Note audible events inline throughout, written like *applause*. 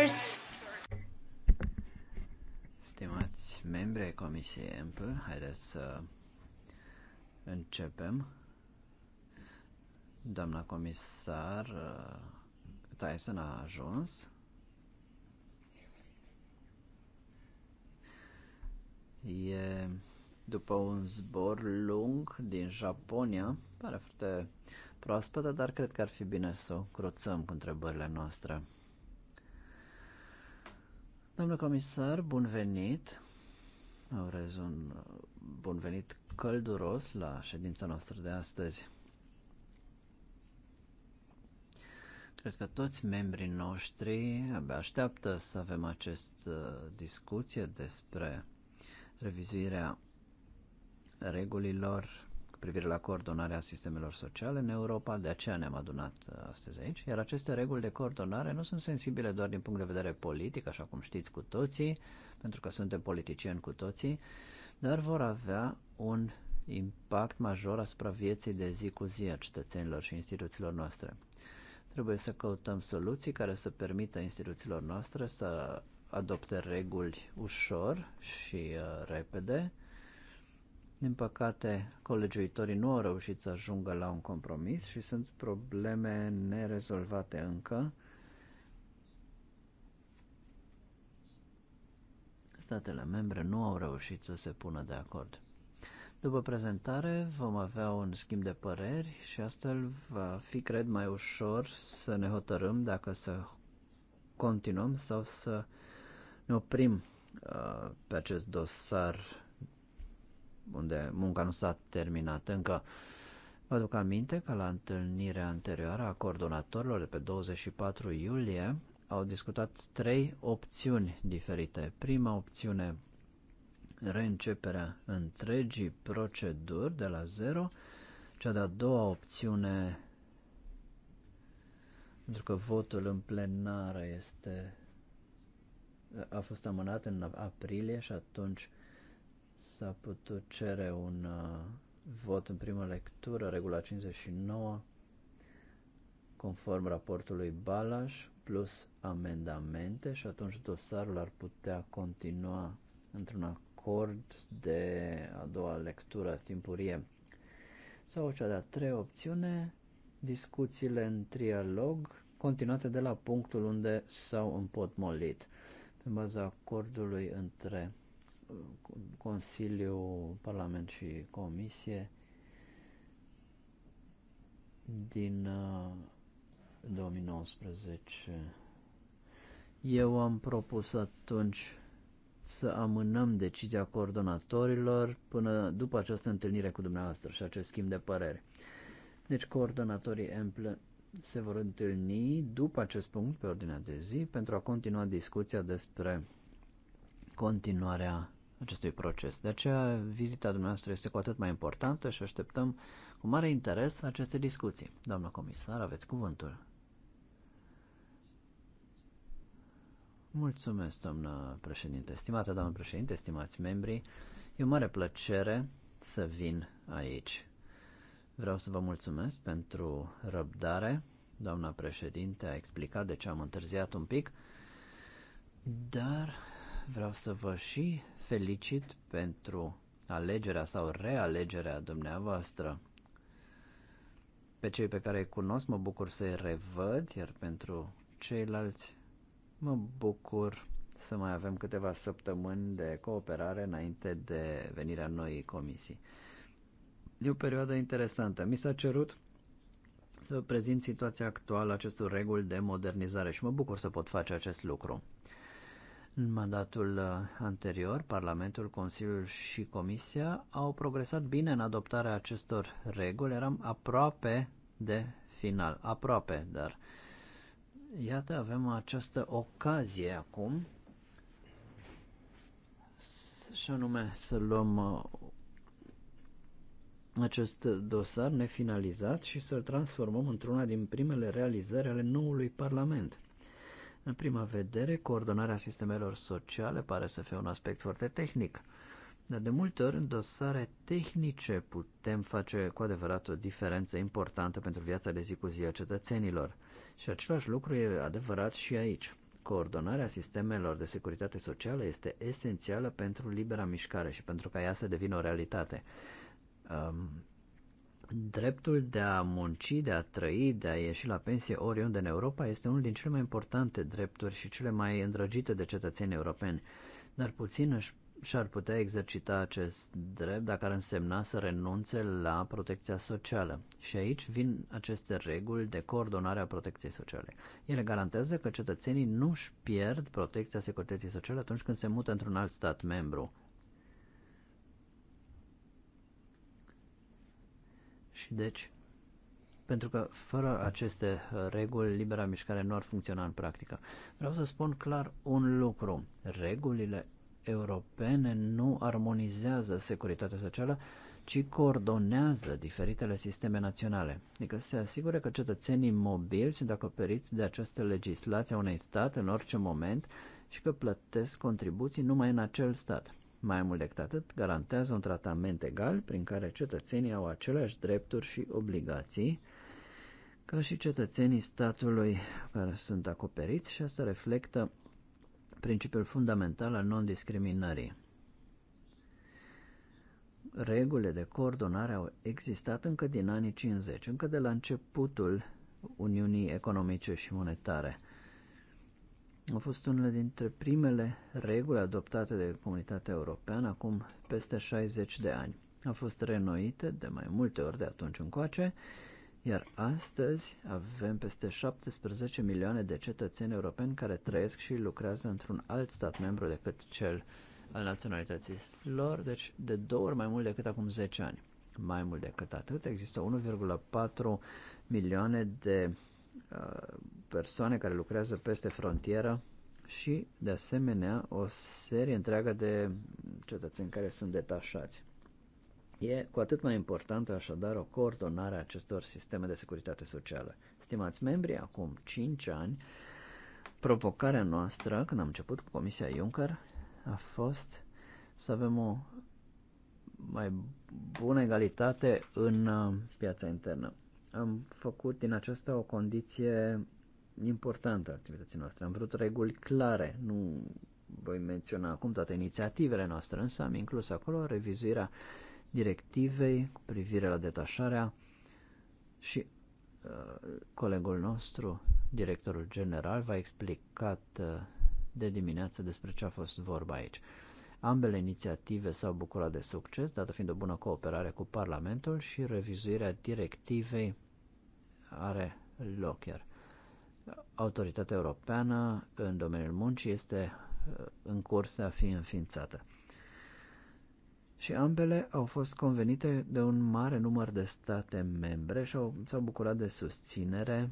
members. Stimați membri ai Comisiei MP, haideți să începem. Doamna comisar uh, Tyson a ajuns. E după un zbor lung din Japonia, pare foarte proaspătă, dar cred că ar fi bine să o cruțăm cu întrebările noastre. Domnule comisar, bun venit! Urez un bun venit călduros la ședința noastră de astăzi. Cred că toți membrii noștri abia așteaptă să avem această discuție despre revizuirea regulilor privire la coordonarea sistemelor sociale în Europa, de aceea ne-am adunat uh, astăzi aici, iar aceste reguli de coordonare nu sunt sensibile doar din punct de vedere politic, așa cum știți cu toții, pentru că suntem politicieni cu toții, dar vor avea un impact major asupra vieții de zi cu zi a cetățenilor și instituțiilor noastre. Trebuie să căutăm soluții care să permită instituțiilor noastre să adopte reguli ușor și uh, repede, din păcate, colegiuitorii nu au reușit să ajungă la un compromis și sunt probleme nerezolvate încă. Statele membre nu au reușit să se pună de acord. După prezentare vom avea un schimb de păreri și astfel va fi, cred, mai ușor să ne hotărâm dacă să continuăm sau să ne oprim uh, pe acest dosar unde munca nu s-a terminat încă. Vă aduc aminte că la întâlnirea anterioară a coordonatorilor de pe 24 iulie au discutat trei opțiuni diferite. Prima opțiune, reînceperea întregii proceduri de la zero. Cea de-a doua opțiune, pentru că votul în plenară este a fost amânat în aprilie și atunci S-a putut cere un uh, vot în primă lectură, regula 59, conform raportului Balas, plus amendamente și atunci dosarul ar putea continua într-un acord de a doua lectură timpurie. Sau cea de-a treia opțiune, discuțiile în trialog continuate de la punctul unde s-au împotmolit pe baza acordului între Consiliu, Parlament și Comisie din 2019. Uh, Eu am propus atunci să amânăm decizia coordonatorilor până după această întâlnire cu dumneavoastră și acest schimb de păreri. Deci coordonatorii Emple se vor întâlni după acest punct pe ordinea de zi pentru a continua discuția despre continuarea acestui proces. De aceea, vizita dumneavoastră este cu atât mai importantă și așteptăm cu mare interes aceste discuții. Doamna comisar, aveți cuvântul. Mulțumesc, doamnă președinte. Stimată doamnă președinte, stimați membri, e o mare plăcere să vin aici. Vreau să vă mulțumesc pentru răbdare. Doamna președinte a explicat de ce am întârziat un pic, dar Vreau să vă și felicit pentru alegerea sau realegerea dumneavoastră. Pe cei pe care îi cunosc mă bucur să-i revăd, iar pentru ceilalți mă bucur să mai avem câteva săptămâni de cooperare înainte de venirea noii comisii. E o perioadă interesantă. Mi s-a cerut să prezint situația actuală acestor reguli de modernizare și mă bucur să pot face acest lucru. În mandatul uh, anterior, Parlamentul, Consiliul și Comisia au progresat bine în adoptarea acestor reguli. Eram aproape de final, aproape, dar iată avem această ocazie acum și anume să luăm uh, acest dosar nefinalizat și să-l transformăm într-una din primele realizări ale noului Parlament. În prima vedere, coordonarea sistemelor sociale pare să fie un aspect foarte tehnic, dar de multe ori în dosare tehnice putem face cu adevărat o diferență importantă pentru viața de zi cu zi a cetățenilor. Și același lucru e adevărat și aici. Coordonarea sistemelor de securitate socială este esențială pentru libera mișcare și pentru ca ea să devină o realitate. Um, Dreptul de a munci, de a trăi, de a ieși la pensie oriunde în Europa este unul din cele mai importante drepturi și cele mai îndrăgite de cetățenii europeni, dar puțin și-ar putea exercita acest drept dacă ar însemna să renunțe la protecția socială. Și aici vin aceste reguli de coordonare a protecției sociale. Ele garantează că cetățenii nu își pierd protecția securității sociale atunci când se mută într-un alt stat membru. deci, pentru că fără aceste uh, reguli, libera mișcare nu ar funcționa în practică. Vreau să spun clar un lucru. Regulile europene nu armonizează securitatea socială, ci coordonează diferitele sisteme naționale. Adică se asigură că cetățenii mobili sunt acoperiți de această legislație a unei stat în orice moment și că plătesc contribuții numai în acel stat mai mult decât atât, garantează un tratament egal prin care cetățenii au aceleași drepturi și obligații ca și cetățenii statului care sunt acoperiți și asta reflectă principiul fundamental al non-discriminării. Regulile de coordonare au existat încă din anii 50, încă de la începutul Uniunii Economice și Monetare – a fost unele dintre primele reguli adoptate de comunitatea europeană acum peste 60 de ani. A fost renoite de mai multe ori de atunci încoace, iar astăzi avem peste 17 milioane de cetățeni europeni care trăiesc și lucrează într-un alt stat membru decât cel al naționalității lor, deci de două ori mai mult decât acum 10 ani. Mai mult decât atât, există 1,4 milioane de Uh, persoane care lucrează peste frontieră și, de asemenea, o serie întreagă de cetățeni care sunt detașați. E cu atât mai importantă, așadar, o coordonare a acestor sisteme de securitate socială. Stimați membri, acum 5 ani, provocarea noastră, când am început cu Comisia Juncker, a fost să avem o mai bună egalitate în uh, piața internă am făcut din aceasta o condiție importantă activității noastre. Am vrut reguli clare, nu voi menționa acum toate inițiativele noastre, însă am inclus acolo revizuirea directivei cu privire la detașarea și uh, colegul nostru, directorul general, v-a explicat uh, de dimineață despre ce a fost vorba aici. Ambele inițiative s-au bucurat de succes, dată fiind o bună cooperare cu Parlamentul și revizuirea directivei are loc iar. Autoritatea Europeană în domeniul muncii este uh, în curs de a fi înființată. Și ambele au fost convenite de un mare număr de state membre și s-au bucurat de susținere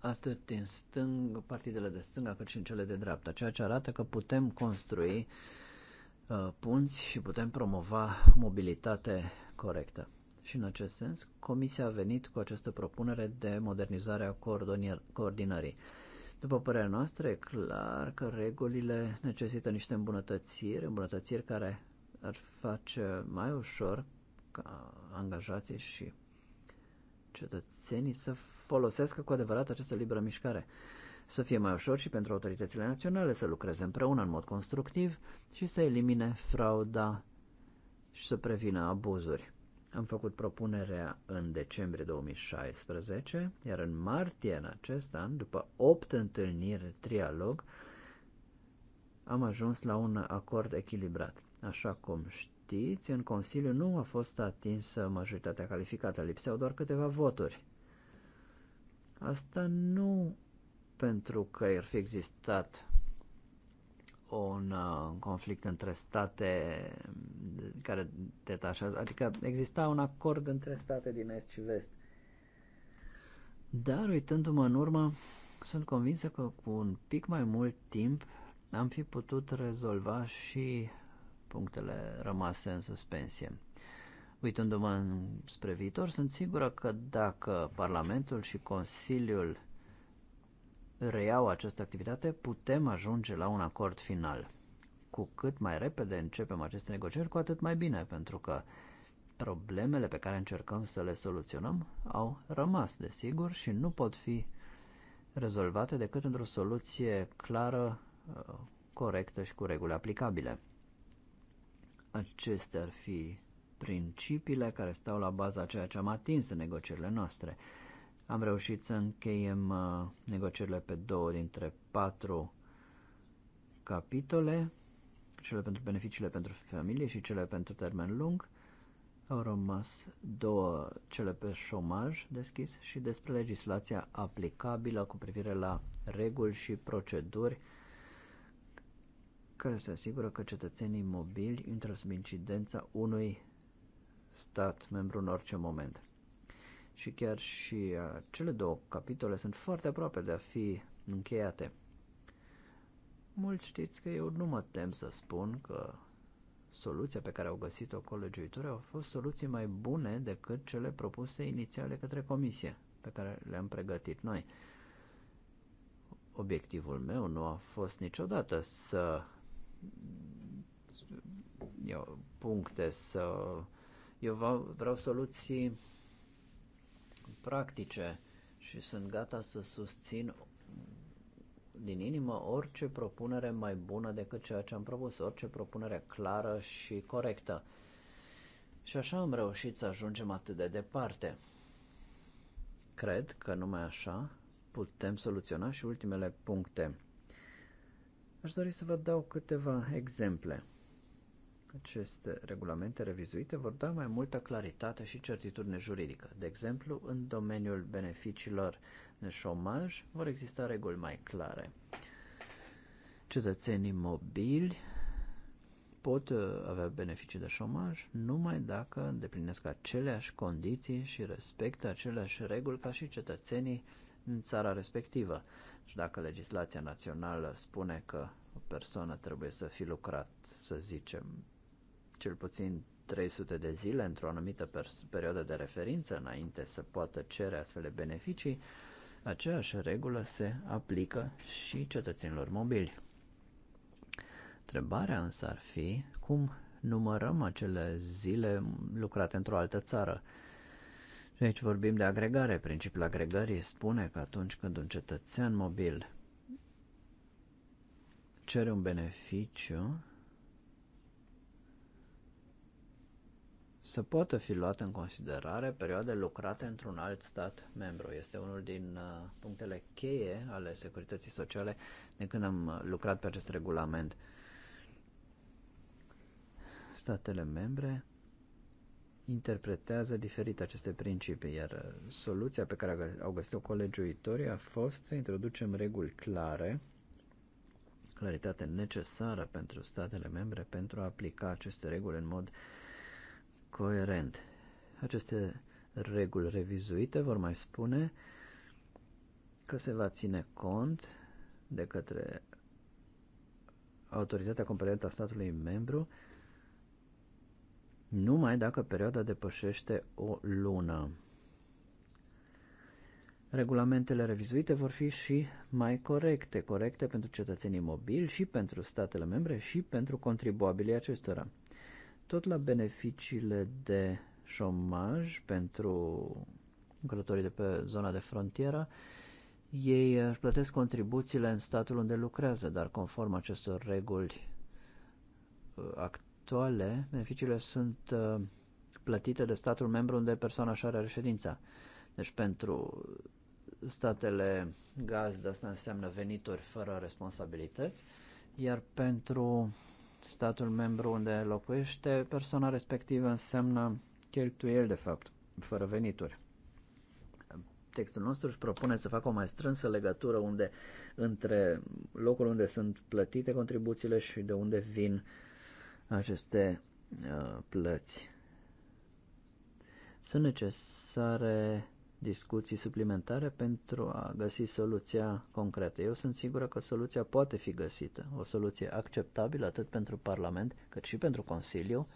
atât din stâng, partidele de stânga, cât și în cele de dreapta, ceea ce arată că putem construi uh, punți și putem promova mobilitate corectă. Și în acest sens, Comisia a venit cu această propunere de modernizare a coordonării. După părerea noastră, e clar că regulile necesită niște îmbunătățiri, îmbunătățiri care ar face mai ușor ca angajații și cetățenii să folosească cu adevărat această liberă mișcare. Să fie mai ușor și pentru autoritățile naționale să lucreze împreună în mod constructiv și să elimine frauda și să prevină abuzuri. Am făcut propunerea în decembrie 2016, iar în martie în acest an, după 8 întâlniri trialog, am ajuns la un acord echilibrat. Așa cum știți, știți, în Consiliu nu a fost atinsă majoritatea calificată, lipseau doar câteva voturi. Asta nu pentru că ar fi existat un, uh, conflict între state care detașează, adică exista un acord între state din est și vest. Dar uitându-mă în urmă, sunt convinsă că cu un pic mai mult timp am fi putut rezolva și punctele rămase în suspensie. Uitându-mă spre viitor, sunt sigură că dacă Parlamentul și Consiliul reiau această activitate, putem ajunge la un acord final. Cu cât mai repede începem aceste negocieri, cu atât mai bine, pentru că problemele pe care încercăm să le soluționăm au rămas, desigur, și nu pot fi rezolvate decât într-o soluție clară, uh, corectă și cu reguli aplicabile. Acestea ar fi principiile care stau la baza ceea ce am atins în negocierile noastre. Am reușit să încheiem uh, negocierile pe două dintre patru capitole, cele pentru beneficiile pentru familie și cele pentru termen lung. Au rămas două, cele pe șomaj deschis și despre legislația aplicabilă cu privire la reguli și proceduri care se asigură că cetățenii mobili intră sub incidența unui stat membru în orice moment. Și chiar și uh, cele două capitole sunt foarte aproape de a fi încheiate. Mulți știți că eu nu mă tem să spun că soluția pe care au găsit-o colegiuitorii au fost soluții mai bune decât cele propuse inițiale către comisie, pe care le-am pregătit noi. Obiectivul meu nu a fost niciodată să eu, puncte să... Eu vreau, vreau soluții practice și sunt gata să susțin din inimă orice propunere mai bună decât ceea ce am propus, orice propunere clară și corectă. Și așa am reușit să ajungem atât de departe. Cred că numai așa putem soluționa și ultimele puncte. Aș dori să vă dau câteva exemple. Aceste regulamente revizuite vor da mai multă claritate și certitudine juridică. De exemplu, în domeniul beneficiilor de șomaj vor exista reguli mai clare. Cetățenii mobili pot uh, avea beneficii de șomaj numai dacă îndeplinesc aceleași condiții și respectă aceleași reguli ca și cetățenii în țara respectivă. Și dacă legislația națională spune că o persoană trebuie să fi lucrat, să zicem, cel puțin 300 de zile într-o anumită perioadă de referință înainte să poată cere astfel de beneficii, aceeași regulă se aplică și cetățenilor mobili. Întrebarea însă ar fi cum numărăm acele zile lucrate într-o altă țară. Deci vorbim de agregare. Principiul agregării spune că atunci când un cetățean mobil cere un beneficiu, să poată fi luată în considerare perioade lucrate într-un alt stat membru. Este unul din uh, punctele cheie ale securității sociale de când am lucrat pe acest regulament. Statele membre interpretează diferit aceste principii, iar uh, soluția pe care au găsit-o colegiuitorii a fost să introducem reguli clare, claritate necesară pentru statele membre pentru a aplica aceste reguli în mod coerent. Aceste reguli revizuite vor mai spune că se va ține cont de către autoritatea competentă a statului membru numai dacă perioada depășește o lună. Regulamentele revizuite vor fi și mai corecte, corecte pentru cetățenii mobili și pentru statele membre și pentru contribuabilii acestora. Tot la beneficiile de șomaj pentru lucrătorii de pe zona de frontieră, ei își plătesc contribuțiile în statul unde lucrează, dar conform acestor reguli, uh, actuale, actuale, beneficiile sunt uh, plătite de statul membru unde persoana și are reședința. Deci pentru statele gazdă asta înseamnă venituri fără responsabilități, iar pentru statul membru unde locuiește, persoana respectivă înseamnă cheltuieli, de fapt, fără venituri. Textul nostru își propune să facă o mai strânsă legătură unde, între locul unde sunt plătite contribuțiile și de unde vin uh, aceste uh, plăți. Sunt necesare discuții suplimentare pentru a găsi soluția concretă. Eu sunt sigură că soluția poate fi găsită, o soluție acceptabilă atât pentru Parlament cât și pentru Consiliu,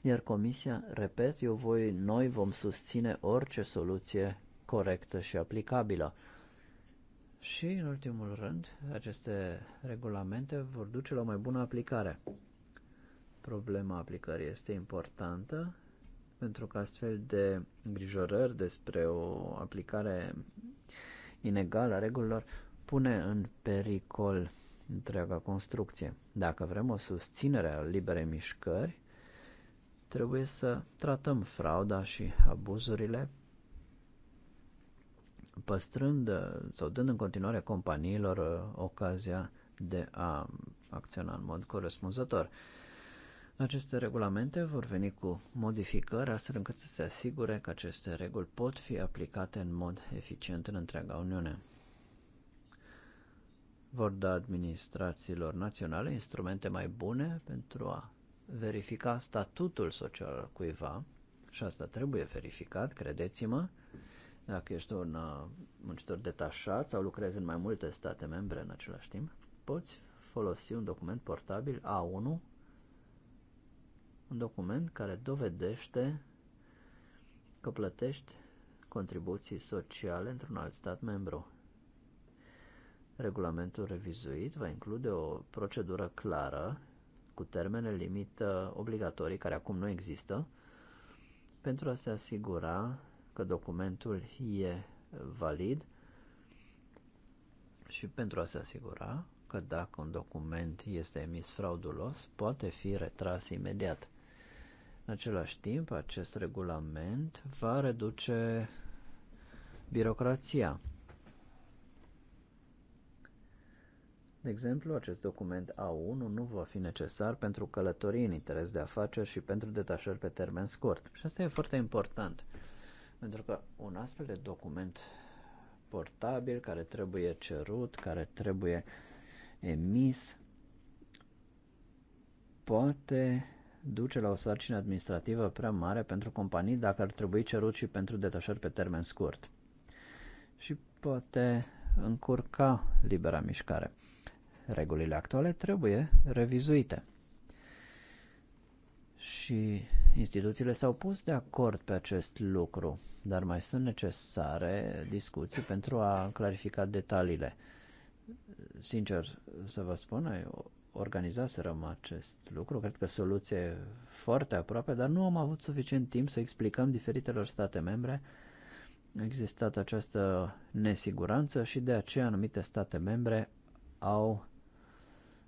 iar Comisia, repet, eu voi, noi vom susține orice soluție corectă și aplicabilă. Și, în ultimul rând, aceste regulamente vor duce la o mai bună aplicare. Problema aplicării este importantă pentru că astfel de îngrijorări despre o aplicare inegală a regulilor pune în pericol întreaga construcție. Dacă vrem o susținere a liberei mișcări, trebuie să tratăm frauda și abuzurile păstrând sau dând în continuare companiilor uh, ocazia de a acționa în mod corespunzător. Aceste regulamente vor veni cu modificări astfel încât să se asigure că aceste reguli pot fi aplicate în mod eficient în întreaga Uniune. Vor da administrațiilor naționale instrumente mai bune pentru a verifica statutul social al cuiva și asta trebuie verificat, credeți-mă, dacă ești un uh, muncitor detașat sau lucrezi în mai multe state membre în același timp, poți folosi un document portabil A1 un document care dovedește că plătești contribuții sociale într-un alt stat membru. Regulamentul revizuit va include o procedură clară cu termene limită obligatorii care acum nu există pentru a se asigura că documentul e valid și pentru a se asigura că dacă un document este emis fraudulos, poate fi retras imediat. În același timp, acest regulament va reduce birocrația. De exemplu, acest document A1 nu va fi necesar pentru călătorii în interes de afaceri și pentru detașări pe termen scurt. Și asta e foarte important, pentru că un astfel de document portabil care trebuie cerut, care trebuie emis, poate duce la o sarcină administrativă prea mare pentru companii dacă ar trebui cerut și pentru detașări pe termen scurt. Și poate încurca libera mișcare. Regulile actuale trebuie revizuite. Și instituțiile s-au pus de acord pe acest lucru, dar mai sunt necesare discuții pentru a clarifica detaliile. Sincer să vă spun, organizaserăm acest lucru, cred că soluție foarte aproape, dar nu am avut suficient timp să explicăm diferitelor state membre. A existat această nesiguranță și de aceea anumite state membre au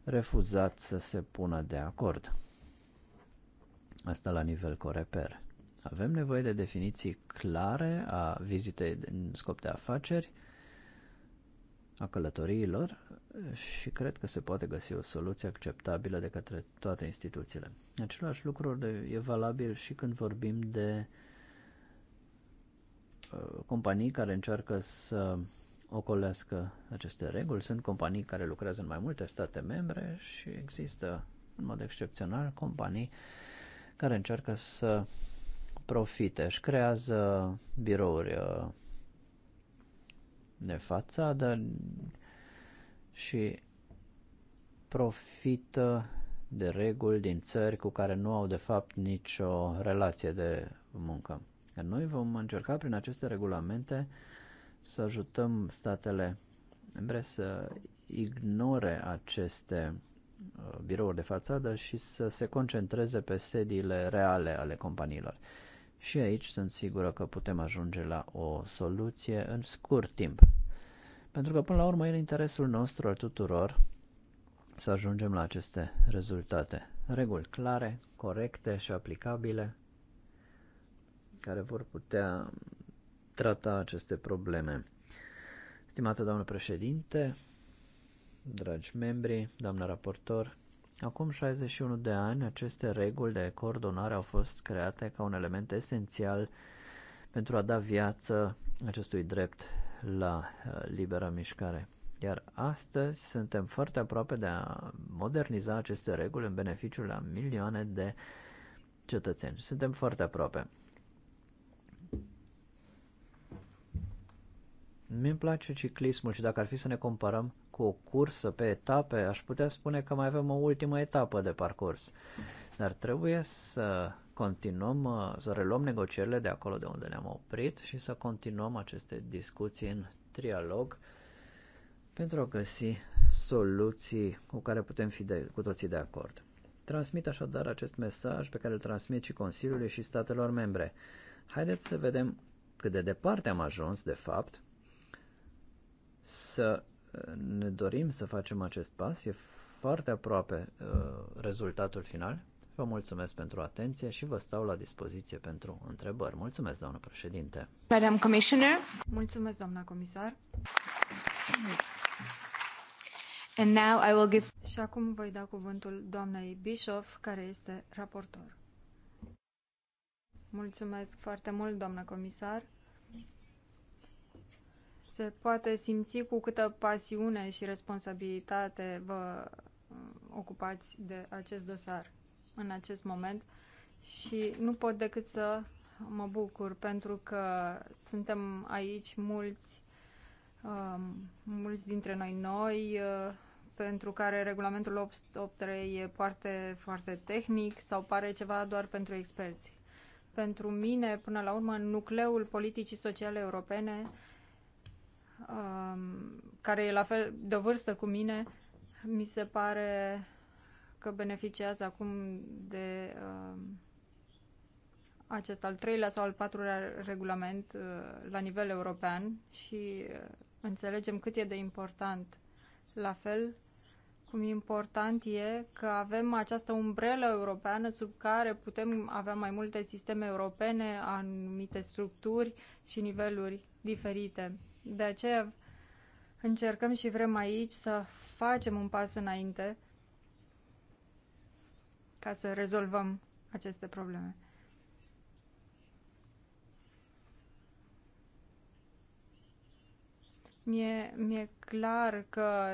refuzat să se pună de acord. Asta la nivel coreper. Avem nevoie de definiții clare a vizitei în scop de afaceri, a călătoriilor și cred că se poate găsi o soluție acceptabilă de către toate instituțiile. Același lucru e valabil și când vorbim de uh, companii care încearcă să ocolească aceste reguli. Sunt companii care lucrează în mai multe state membre și există, în mod excepțional, companii care încearcă să profite și creează birouri uh, de fațadă și profită de reguli din țări cu care nu au de fapt nicio relație de muncă. Noi vom încerca prin aceste regulamente să ajutăm statele membre să ignore aceste uh, birouri de fațadă și să se concentreze pe sediile reale ale companiilor. Și aici sunt sigură că putem ajunge la o soluție în scurt timp. Pentru că până la urmă e în interesul nostru al tuturor să ajungem la aceste rezultate. Reguli clare, corecte și aplicabile care vor putea trata aceste probleme. Stimată doamnă președinte, dragi membri, doamnă raportor, Acum 61 de ani, aceste reguli de coordonare au fost create ca un element esențial pentru a da viață acestui drept la uh, libera mișcare. Iar astăzi suntem foarte aproape de a moderniza aceste reguli în beneficiul la milioane de cetățeni. Suntem foarte aproape. Mi-mi place ciclismul și dacă ar fi să ne comparăm cu o cursă pe etape, aș putea spune că mai avem o ultimă etapă de parcurs. Dar trebuie să continuăm, să reluăm negocierile de acolo de unde ne-am oprit și să continuăm aceste discuții în trialog pentru a găsi soluții cu care putem fi de, cu toții de acord. Transmit așadar acest mesaj pe care îl transmit și Consiliului și statelor membre. Haideți să vedem cât de departe am ajuns, de fapt, să ne dorim să facem acest pas, e foarte aproape uh, rezultatul final. Vă mulțumesc pentru atenție și vă stau la dispoziție pentru întrebări. Mulțumesc, doamnă președinte. Madam Commissioner. Mulțumesc, doamna comisar. And now I will give... Și acum voi da cuvântul doamnei Bischoff, care este raportor. Mulțumesc foarte mult, doamnă comisar se poate simți cu câtă pasiune și responsabilitate vă uh, ocupați de acest dosar în acest moment și nu pot decât să mă bucur pentru că suntem aici mulți, uh, mulți dintre noi noi, uh, pentru care regulamentul 8.3 e foarte, foarte tehnic sau pare ceva doar pentru experți. Pentru mine, până la urmă, nucleul politicii sociale europene Um, care e la fel de vârstă cu mine, mi se pare că beneficiază acum de um, acest al treilea sau al patrulea regulament uh, la nivel european și uh, înțelegem cât e de important. La fel cum important e că avem această umbrelă europeană sub care putem avea mai multe sisteme europene, anumite structuri și niveluri diferite. De aceea încercăm și vrem aici să facem un pas înainte ca să rezolvăm aceste probleme. Mi-e, mi-e clar că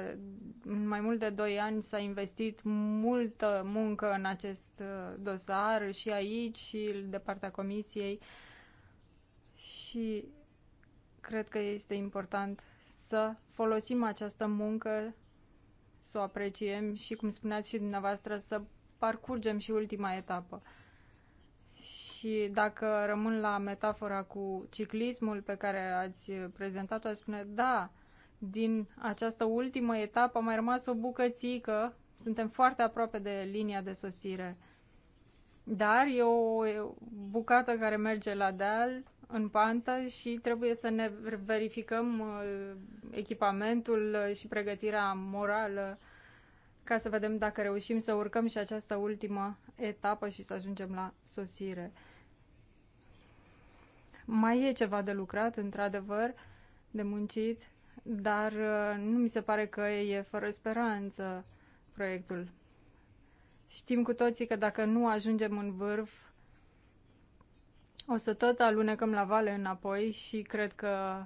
în mai mult de 2 ani s-a investit multă muncă în acest uh, dosar și aici și de partea comisiei și cred că este important să folosim această muncă, să o apreciem și, cum spuneați și dumneavoastră, să parcurgem și ultima etapă. Și dacă rămân la metafora cu ciclismul pe care ați prezentat-o, aș spune, da, din această ultimă etapă a mai rămas o bucățică, suntem foarte aproape de linia de sosire. Dar e o bucată care merge la deal în pantă și trebuie să ne verificăm uh, echipamentul și pregătirea morală ca să vedem dacă reușim să urcăm și această ultimă etapă și să ajungem la sosire. Mai e ceva de lucrat, într-adevăr, de muncit, dar uh, nu mi se pare că e fără speranță proiectul. Știm cu toții că dacă nu ajungem în vârf, o să tot alunecăm la vale înapoi și cred că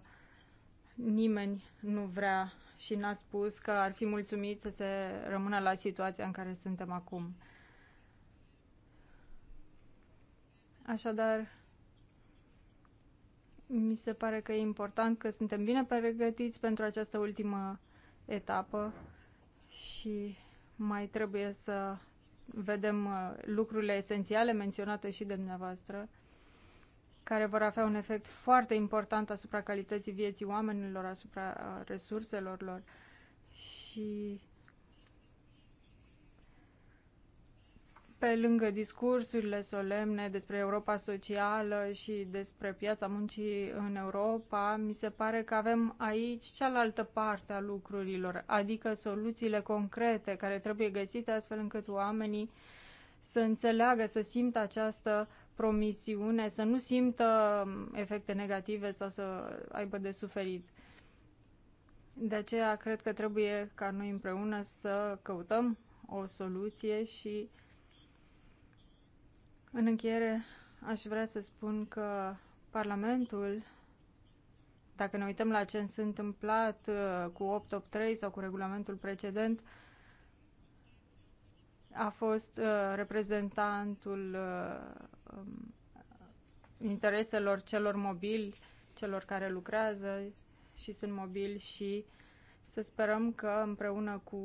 nimeni nu vrea și n-a spus că ar fi mulțumit să se rămână la situația în care suntem acum. Așadar, mi se pare că e important că suntem bine pregătiți pentru această ultimă etapă și mai trebuie să vedem uh, lucrurile esențiale menționate și de dumneavoastră care vor avea un efect foarte important asupra calității vieții oamenilor, asupra uh, resurselor lor și pe lângă discursurile solemne despre Europa socială și despre piața muncii în Europa, mi se pare că avem aici cealaltă parte a lucrurilor, adică soluțiile concrete care trebuie găsite astfel încât oamenii să înțeleagă, să simtă această promisiune să nu simtă efecte negative sau să aibă de suferit. De aceea cred că trebuie ca noi împreună să căutăm o soluție și în încheiere aș vrea să spun că Parlamentul, dacă ne uităm la ce s-a întâmplat uh, cu 883 sau cu regulamentul precedent, a fost uh, reprezentantul uh, Um, intereselor celor mobili, celor care lucrează și sunt mobili și să sperăm că împreună cu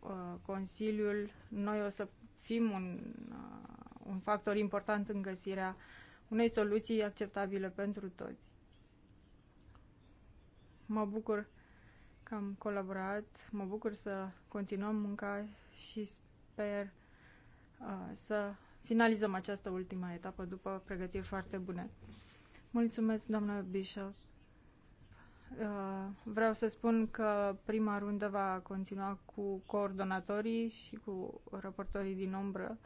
uh, Consiliul noi o să fim un, uh, un factor important în găsirea unei soluții acceptabile pentru toți. Mă bucur că am colaborat, mă bucur să continuăm munca și sper uh, să finalizăm această ultimă etapă după pregătiri foarte bune. Mulțumesc, doamnă Bishop. Uh, vreau să spun că prima rundă va continua cu coordonatorii și cu raportorii din umbră,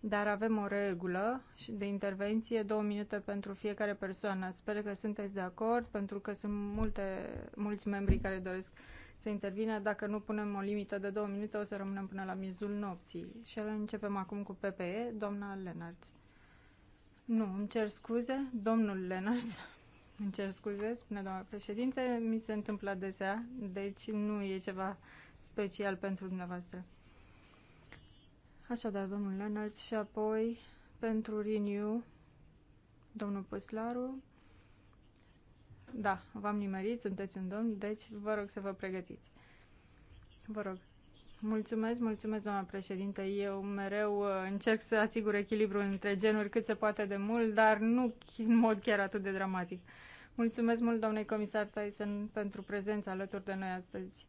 dar avem o regulă de intervenție, două minute pentru fiecare persoană. Sper că sunteți de acord, pentru că sunt multe, mulți membri care doresc să intervine. Dacă nu punem o limită de două minute, o să rămânem până la mizul nopții. Și începem acum cu PPE, doamna Lenarts. Nu, îmi cer scuze, domnul Lenarts. *laughs* Îmi cer scuze, spune doamna președinte, mi se întâmplă adesea, deci nu e ceva special pentru dumneavoastră. Așadar, domnul Lenarts și apoi pentru Renew, domnul Păslaru, da, v-am nimerit, sunteți un domn, deci vă rog să vă pregătiți. Vă rog. Mulțumesc, mulțumesc, doamna președinte. Eu mereu uh, încerc să asigur echilibrul între genuri cât se poate de mult, dar nu în mod chiar atât de dramatic. Mulțumesc mult, doamnei comisar Tyson, pentru prezența alături de noi astăzi.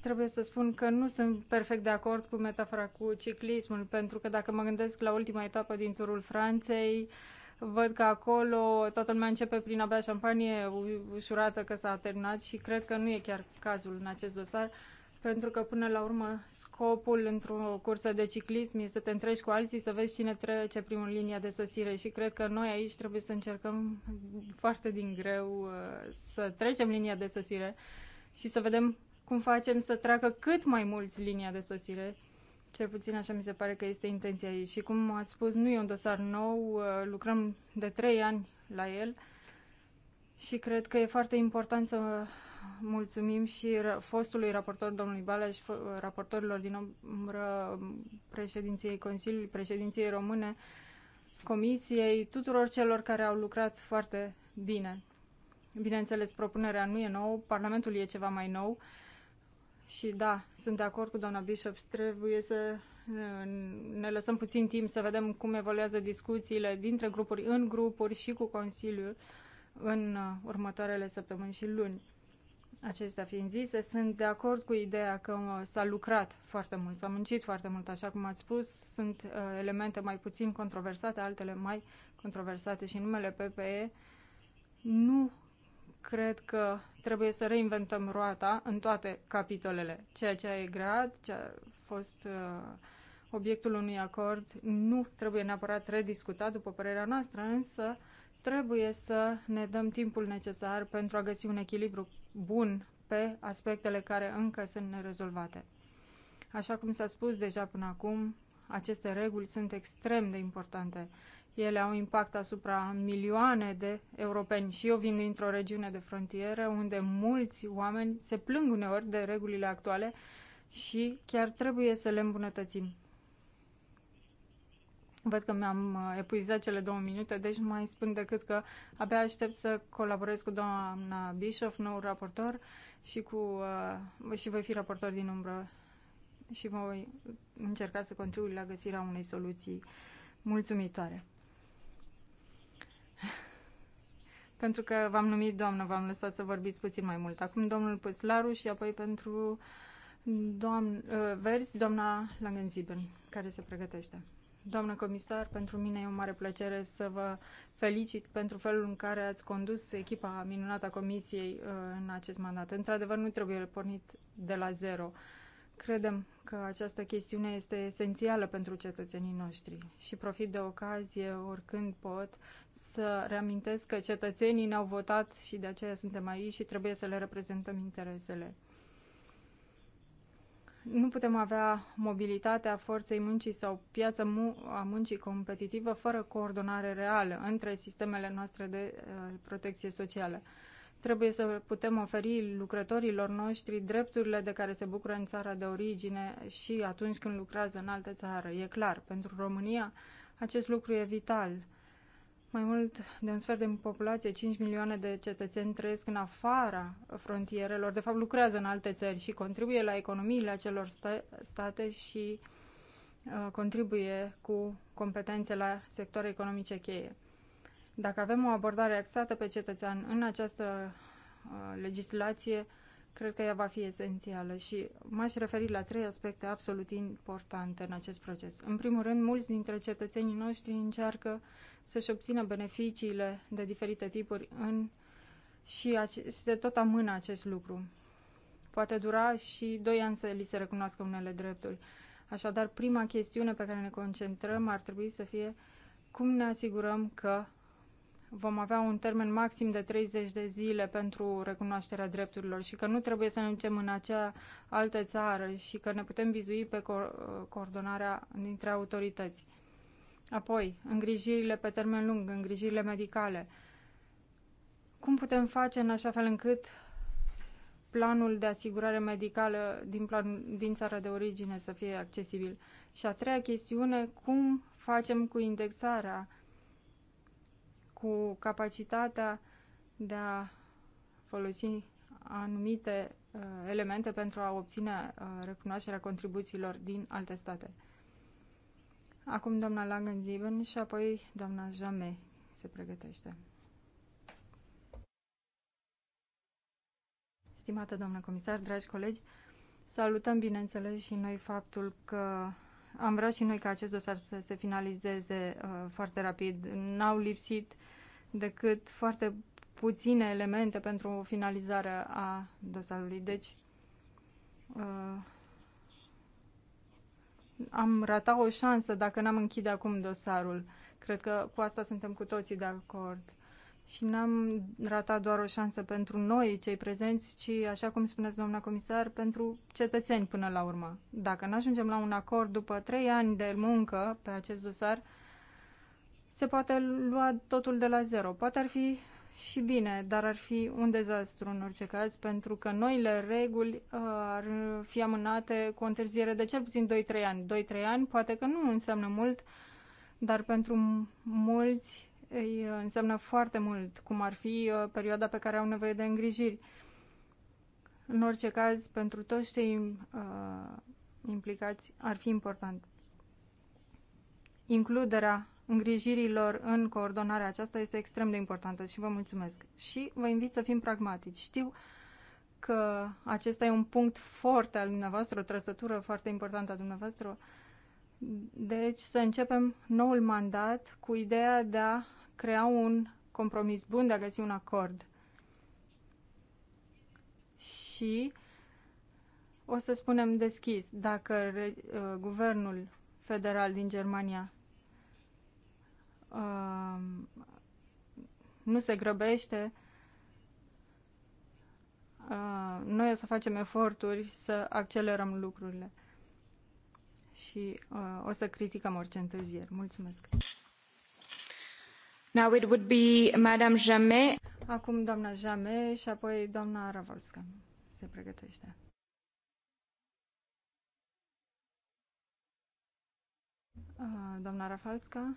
Trebuie să spun că nu sunt perfect de acord cu metafora cu ciclismul, pentru că dacă mă gândesc la ultima etapă din Turul Franței, uh, Văd că acolo toată lumea începe prin a bea șampanie ușurată că s-a terminat și cred că nu e chiar cazul în acest dosar, pentru că până la urmă scopul într-o cursă de ciclism este să te întrești cu alții, să vezi cine trece primul linia de sosire și cred că noi aici trebuie să încercăm foarte din greu uh, să trecem linia de sosire și să vedem cum facem să treacă cât mai mulți linia de sosire cel puțin așa mi se pare că este intenția ei. Și cum ați spus, nu e un dosar nou, uh, lucrăm de trei ani la el și cred că e foarte important să mulțumim și fostului raportor, domnului Balea, și uh, raportorilor din umbră președinției Consiliului, președinției române, comisiei, tuturor celor care au lucrat foarte bine. Bineînțeles, propunerea nu e nouă, Parlamentul e ceva mai nou, și da, sunt de acord cu doamna Bishop. trebuie să ne lăsăm puțin timp să vedem cum evoluează discuțiile dintre grupuri, în grupuri și cu Consiliul în uh, următoarele săptămâni și luni. Acestea fiind zise, sunt de acord cu ideea că uh, s-a lucrat foarte mult, s-a muncit foarte mult, așa cum ați spus, sunt uh, elemente mai puțin controversate, altele mai controversate și numele PPE nu cred că trebuie să reinventăm roata în toate capitolele. Ceea ce a egrat, ce a fost uh, obiectul unui acord, nu trebuie neapărat rediscutat, după părerea noastră, însă trebuie să ne dăm timpul necesar pentru a găsi un echilibru bun pe aspectele care încă sunt nerezolvate. Așa cum s-a spus deja până acum, aceste reguli sunt extrem de importante ele au impact asupra milioane de europeni și eu vin dintr-o regiune de frontieră unde mulți oameni se plâng uneori de regulile actuale și chiar trebuie să le îmbunătățim. Văd că mi-am uh, epuizat cele două minute, deci mai spun decât că abia aștept să colaborez cu doamna Bischoff, nou raportor, și, cu, uh, și voi fi raportor din umbră și voi încerca să contribui la găsirea unei soluții mulțumitoare. pentru că v-am numit doamnă, v-am lăsat să vorbiți puțin mai mult. Acum domnul Păslaru și apoi pentru doamn, uh, verzi, doamna Langenziben, care se pregătește. Doamnă comisar, pentru mine e o mare plăcere să vă felicit pentru felul în care ați condus echipa minunată a Comisiei uh, în acest mandat. Într-adevăr, nu trebuie pornit de la zero. Uh, Credem că această chestiune este esențială pentru cetățenii noștri și profit de ocazie oricând pot să reamintesc că cetățenii ne-au votat și de aceea suntem aici și trebuie să le reprezentăm interesele. Nu putem avea mobilitatea forței muncii sau piața mu- a muncii competitivă fără coordonare reală între sistemele noastre de uh, protecție socială. Uh, Trebuie să putem oferi lucrătorilor noștri drepturile de care se bucură în țara de origine și atunci când lucrează în altă țară. E clar, pentru România acest lucru e vital. Mai mult de un sfert din populație, 5 milioane de cetățeni trăiesc în afara frontierelor, de fapt lucrează în alte țări și contribuie la economiile acelor state și uh, contribuie cu competențe la sectoare economice cheie. Dacă avem o abordare axată pe cetățean în această uh, legislație, cred că ea va fi esențială și m-aș referi la trei aspecte absolut importante în acest proces. În primul rând, mulți dintre cetățenii noștri încearcă să-și obțină beneficiile de diferite tipuri în și se tot amână acest lucru. Poate dura și doi ani să li se recunoască unele drepturi. Așadar, prima chestiune pe care ne concentrăm ar trebui să fie cum ne asigurăm că vom avea un termen maxim de 30 de zile pentru recunoașterea drepturilor și că nu trebuie să ne ducem în acea altă țară și că ne putem bizui pe co- coordonarea dintre autorități. Apoi, îngrijirile pe termen lung, îngrijirile medicale. Cum putem face în așa fel încât planul de asigurare medicală din, plan, din țara de origine să fie accesibil? Și a treia chestiune, cum facem cu indexarea cu capacitatea de a folosi anumite uh, elemente pentru a obține uh, recunoașterea contribuțiilor din alte state. Acum doamna Langenzieben și apoi doamna Jame se pregătește. Stimată doamnă comisar, dragi colegi, salutăm bineînțeles și noi faptul că am vrea și noi ca acest dosar să se finalizeze uh, foarte rapid. N-au lipsit decât foarte puține elemente pentru finalizarea a dosarului. Deci, uh, am ratat o șansă dacă n-am închide acum dosarul. Cred că cu asta suntem cu toții de acord și n-am ratat doar o șansă pentru noi, cei prezenți, ci, așa cum spuneți, doamna comisar, pentru cetățeni până la urmă. Dacă nu ajungem la un acord după trei ani de muncă pe acest dosar, se poate lua totul de la zero. Poate ar fi și bine, dar ar fi un dezastru în orice caz, pentru că noile reguli uh, ar fi amânate cu o întârziere de cel puțin 2-3 ani. 2-3 ani poate că nu înseamnă mult, dar pentru mulți îi uh, înseamnă foarte mult, cum ar fi uh, perioada pe care au nevoie de îngrijiri. În orice caz, pentru toți cei uh, implicați, ar fi important. Includerea îngrijirilor în coordonarea aceasta este extrem de importantă și vă mulțumesc. Și vă invit să fim pragmatici. Știu că acesta e un punct foarte al dumneavoastră, o trăsătură foarte importantă a dumneavoastră. Deci să începem noul mandat cu ideea de a crea un compromis bun de a găsi un acord. Și o să spunem deschis, dacă uh, guvernul federal din Germania uh, nu se grăbește, uh, noi o să facem eforturi să accelerăm lucrurile și uh, o să criticăm orice întârzieri. Mulțumesc! Acum doamna Jamet și apoi doamna Ravolska se pregătește. Doamna Rafalska.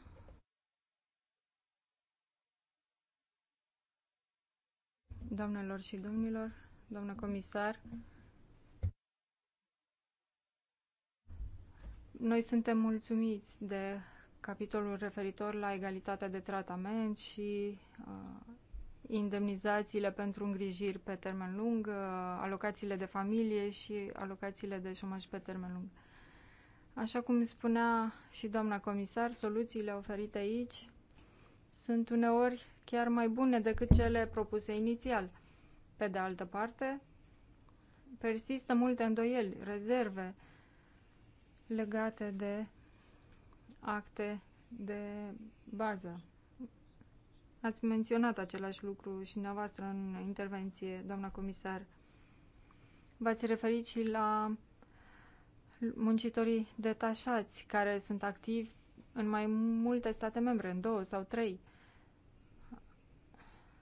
Doamnelor și domnilor, doamnă comisar, noi suntem mulțumiți de capitolul referitor la egalitatea de tratament și uh, indemnizațiile pentru îngrijiri pe termen lung, uh, alocațiile de familie și alocațiile de șomaj pe termen lung. Așa cum spunea și doamna comisar, soluțiile oferite aici sunt uneori chiar mai bune decât cele propuse inițial. Pe de altă parte, persistă multe îndoieli, rezerve legate de acte de bază. Ați menționat același lucru și dumneavoastră în intervenție, doamna comisar. V-ați referit și la muncitorii detașați care sunt activi în mai multe state membre, în două sau trei.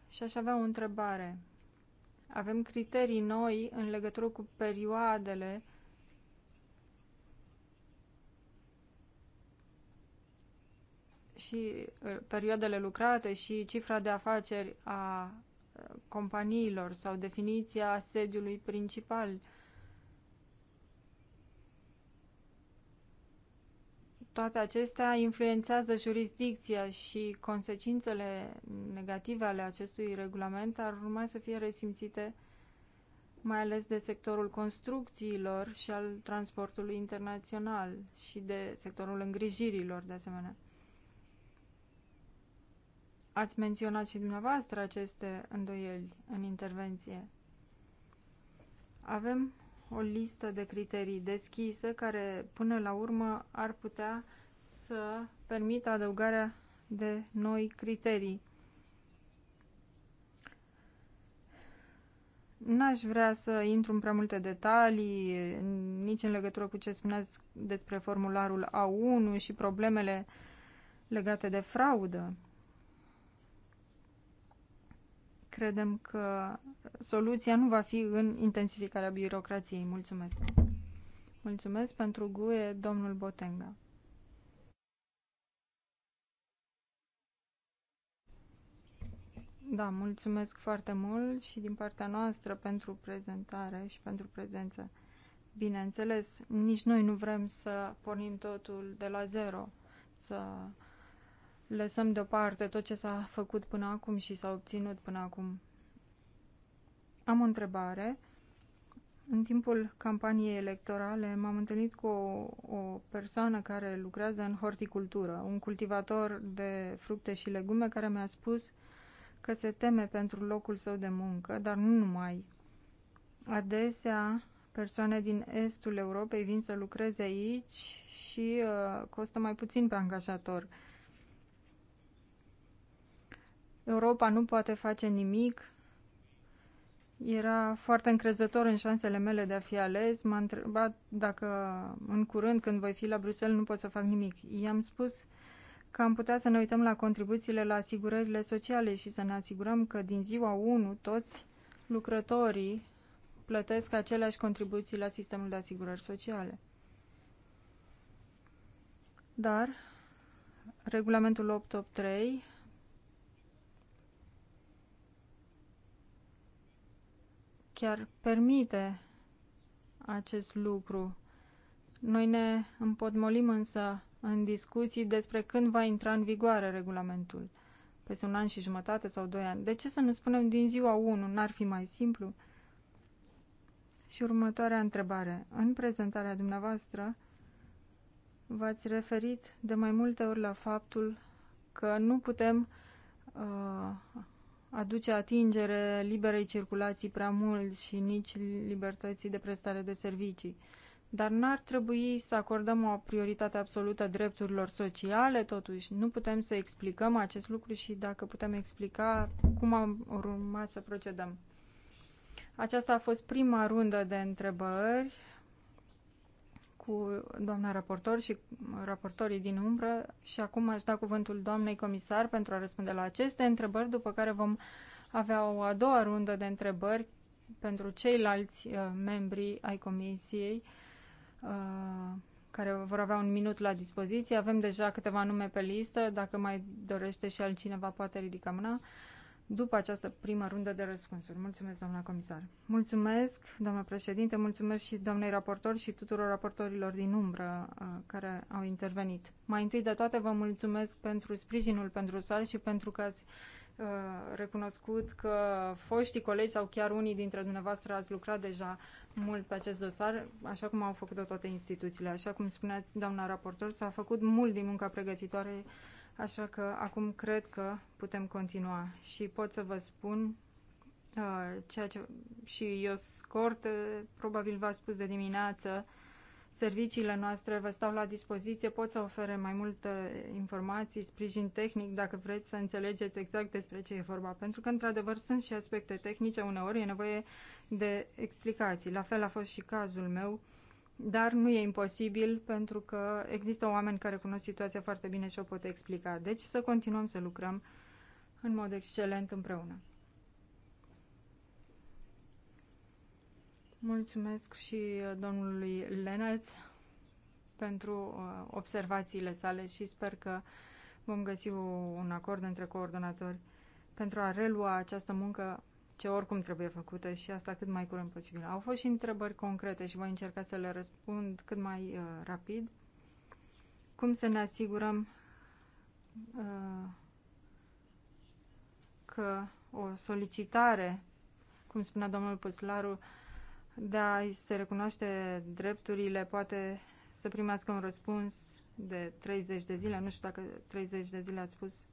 Și aș avea o întrebare. Avem criterii noi în legătură cu perioadele și uh, perioadele lucrate și cifra de afaceri a uh, companiilor sau definiția sediului principal. Toate acestea influențează jurisdicția și consecințele negative ale acestui regulament ar urma să fie resimțite mai ales de sectorul construcțiilor și al transportului internațional și de sectorul îngrijirilor de asemenea. Ați menționat și dumneavoastră aceste îndoieli în intervenție. Avem o listă de criterii deschise care, până la urmă, ar putea să permită adăugarea de noi criterii. N-aș vrea să intru în prea multe detalii, nici în legătură cu ce spuneați despre formularul A1 și problemele legate de fraudă. Credem că soluția nu va fi în intensificarea birocrației. Mulțumesc! Mulțumesc pentru GUE, domnul Botenga. Da, mulțumesc foarte mult și din partea noastră pentru prezentare și pentru prezență. Bineînțeles, nici noi nu vrem să pornim totul de la zero, să lăsăm deoparte tot ce s-a făcut până acum și s-a obținut până acum. Am o întrebare. În timpul campaniei electorale m-am întâlnit cu o, o persoană care lucrează în horticultură, un cultivator de fructe și legume care mi-a spus că se teme pentru locul său de muncă, dar nu numai. Adesea persoane din estul Europei vin să lucreze aici și uh, costă mai puțin pe angajator. Uh, Europa nu poate face nimic. Era foarte încrezător în șansele mele de a fi ales. M-a întrebat dacă în curând, când voi fi la Bruxelles, nu pot să fac nimic. I-am spus că am putea să ne uităm la contribuțiile la asigurările sociale și să ne asigurăm că din ziua 1 toți lucrătorii plătesc aceleași contribuții la sistemul de asigurări sociale. Dar regulamentul 883 chiar permite acest lucru. Noi ne împotmolim însă în discuții despre când va intra în vigoare regulamentul. Peste un an și jumătate sau doi ani. De ce să nu spunem din ziua 1? N-ar fi mai simplu? Și următoarea întrebare. În prezentarea dumneavoastră v-ați referit de mai multe ori la faptul că nu putem uh, aduce atingere liberei circulații prea mult și nici libertății de prestare de servicii. Dar n-ar trebui să acordăm o prioritate absolută drepturilor sociale, totuși nu putem să explicăm acest lucru și dacă putem explica cum am urma să procedăm. Aceasta a fost prima rundă de întrebări cu doamna raportor și raportorii din umbră și acum aș da cuvântul doamnei comisar pentru a răspunde la aceste întrebări, după care vom avea o a doua rundă de întrebări pentru ceilalți uh, membri ai comisiei uh, care vor avea un minut la dispoziție. Avem deja câteva nume pe listă, dacă mai dorește și altcineva poate ridica mâna. Uh, după această primă rundă de răspunsuri. Mulțumesc, doamna comisar. Mulțumesc, doamna președinte, mulțumesc și doamnei raportor și tuturor raportorilor din umbră uh, care au intervenit. Mai întâi de toate vă mulțumesc pentru sprijinul pentru sal și pentru că ați uh, recunoscut că foștii colegi sau chiar unii dintre dumneavoastră ați lucrat deja mult pe acest dosar, așa cum au făcut-o toate instituțiile. Așa cum spuneați, doamna raportor, s-a făcut mult din munca pregătitoare Așa că acum cred că putem continua și pot să vă spun uh, ceea ce și eu scort, uh, probabil v-a spus de dimineață, serviciile noastre vă stau la dispoziție, pot să ofere mai multe informații, sprijin tehnic, dacă vreți să înțelegeți exact despre ce e vorba, pentru că, într-adevăr, sunt și aspecte tehnice, uneori e nevoie de explicații. La fel a fost și cazul meu dar nu e imposibil pentru că există oameni care cunosc situația foarte bine și o pot explica. Deci să continuăm să lucrăm în mod excelent împreună. Mulțumesc și uh, domnului Lenelț pentru uh, observațiile sale și sper că vom găsi un acord între coordonatori pentru a relua această muncă ce oricum trebuie făcută și asta cât mai curând posibil. Au fost și întrebări concrete și voi încerca să le răspund cât mai uh, rapid. Cum să ne asigurăm uh, că o solicitare, cum spunea domnul Păslaru, de a se recunoaște drepturile poate să primească un răspuns de 30 de zile, nu știu dacă 30 de zile ați spus,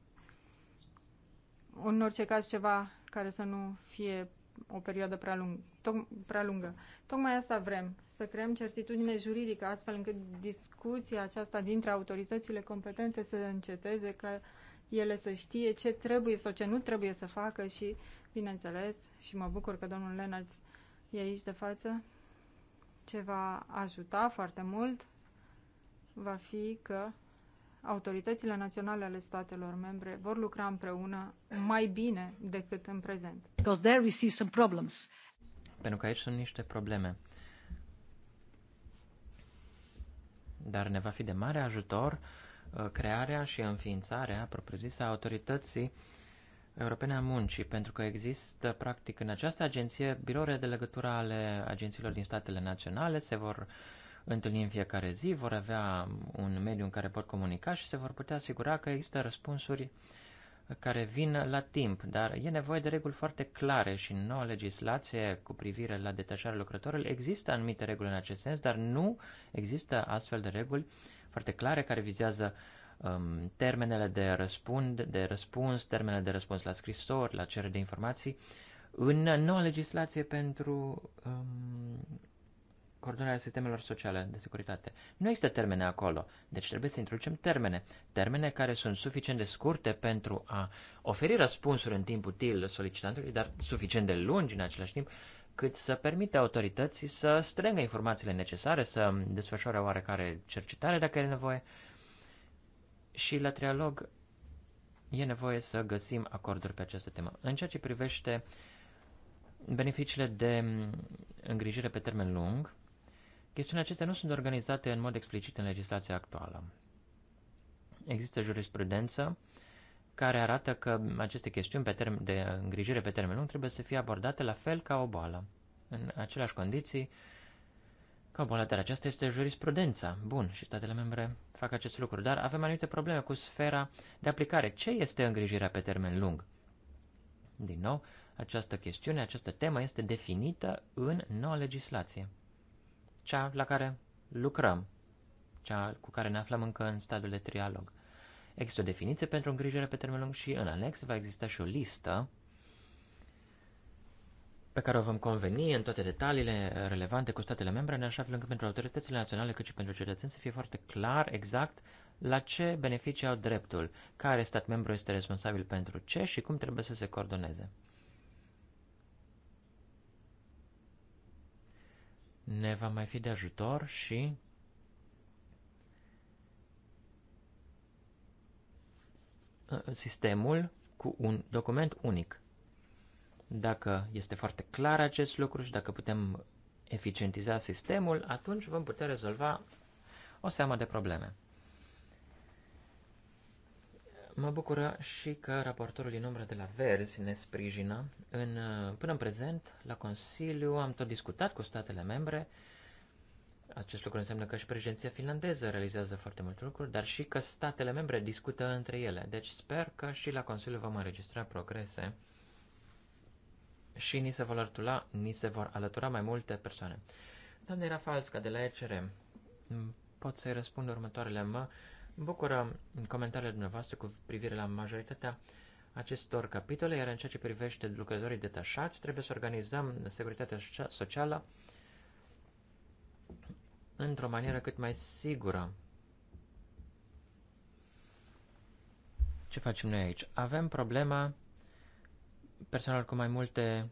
în orice caz ceva care să nu fie o perioadă prea, lung, to- prea lungă. Tocmai asta vrem, să creăm certitudine juridică, astfel încât discuția aceasta dintre autoritățile competente să înceteze, că ele să știe ce trebuie sau ce nu trebuie să facă și, bineînțeles, și mă bucur că domnul Lenarț e aici de față, ce va ajuta foarte mult va fi că autoritățile naționale ale statelor membre vor lucra împreună mai bine decât în prezent. Because there we see some problems. Pentru că aici sunt niște probleme. Dar ne va fi de mare ajutor uh, crearea și înființarea propriu-zisă a autorității europene a muncii, pentru că există practic în această agenție birouri de legătură ale agențiilor din statele naționale, se vor uh, întâlni în fiecare zi, vor avea un mediu în care pot comunica și se vor putea asigura că există răspunsuri care vin la timp, dar e nevoie de reguli foarte clare și în noua legislație cu privire la detașarea lucrătorilor există anumite reguli în acest sens, dar nu există astfel de reguli foarte clare care vizează um, termenele de, răspund, de răspuns, termenele de răspuns la scrisori, la cerere de informații în noua legislație pentru um, coordonarea sistemelor sociale de securitate. Nu există termene acolo, deci trebuie să introducem termene. Termene care sunt suficient de scurte pentru a oferi răspunsuri în timp util solicitantului, dar suficient de lungi în același timp, cât să permite autorității să strângă informațiile necesare, să desfășoare oarecare cercetare dacă e nevoie. Și la trialog e nevoie să găsim acorduri pe această temă. În ceea ce privește beneficiile de îngrijire pe termen lung, Chestiunile acestea nu sunt organizate în mod explicit în legislația actuală. Există jurisprudență care arată că aceste chestiuni pe term- de îngrijire pe termen lung trebuie să fie abordate la fel ca o boală. În aceleași condiții, ca o boală, dar aceasta este jurisprudența. Bun, și statele membre fac acest lucru, dar avem anumite probleme cu sfera de aplicare. Ce este îngrijirea pe termen lung? Din nou, această chestiune, această temă este definită în noua legislație cea la care lucrăm, cea cu care ne aflăm încă în stadiul de trialog. Există o definiție pentru îngrijire pe termen lung și în anex va exista și o listă pe care o vom conveni în toate detaliile relevante cu statele membre, în așa fel încât pentru autoritățile naționale cât și pentru cetățeni să fie foarte clar, exact, la ce beneficii au dreptul, care stat membru este responsabil pentru ce și cum trebuie să se coordoneze. ne va mai fi de ajutor și sistemul cu un document unic. Dacă este foarte clar acest lucru și dacă putem eficientiza sistemul, atunci vom putea rezolva o seamă de probleme. Mă bucură și că raportorul din umbră de la Verzi ne sprijină. În, până în prezent, la Consiliu am tot discutat cu statele membre. Acest lucru înseamnă că și președinția finlandeză realizează foarte multe lucruri, dar și că statele membre discută între ele. Deci sper că și la Consiliu vom înregistra progrese și ni se vor alătura, ni se vor alătura mai multe persoane. Doamne Rafalska de la ECR, pot să-i răspund următoarele mă bucură uh, comentariile dumneavoastră cu privire la majoritatea acestor capitole, iar în ceea ce privește lucrătorii detașați, trebuie să organizăm securitatea socială într-o manieră cât mai sigură. Ce facem noi aici? Avem problema personal cu mai multe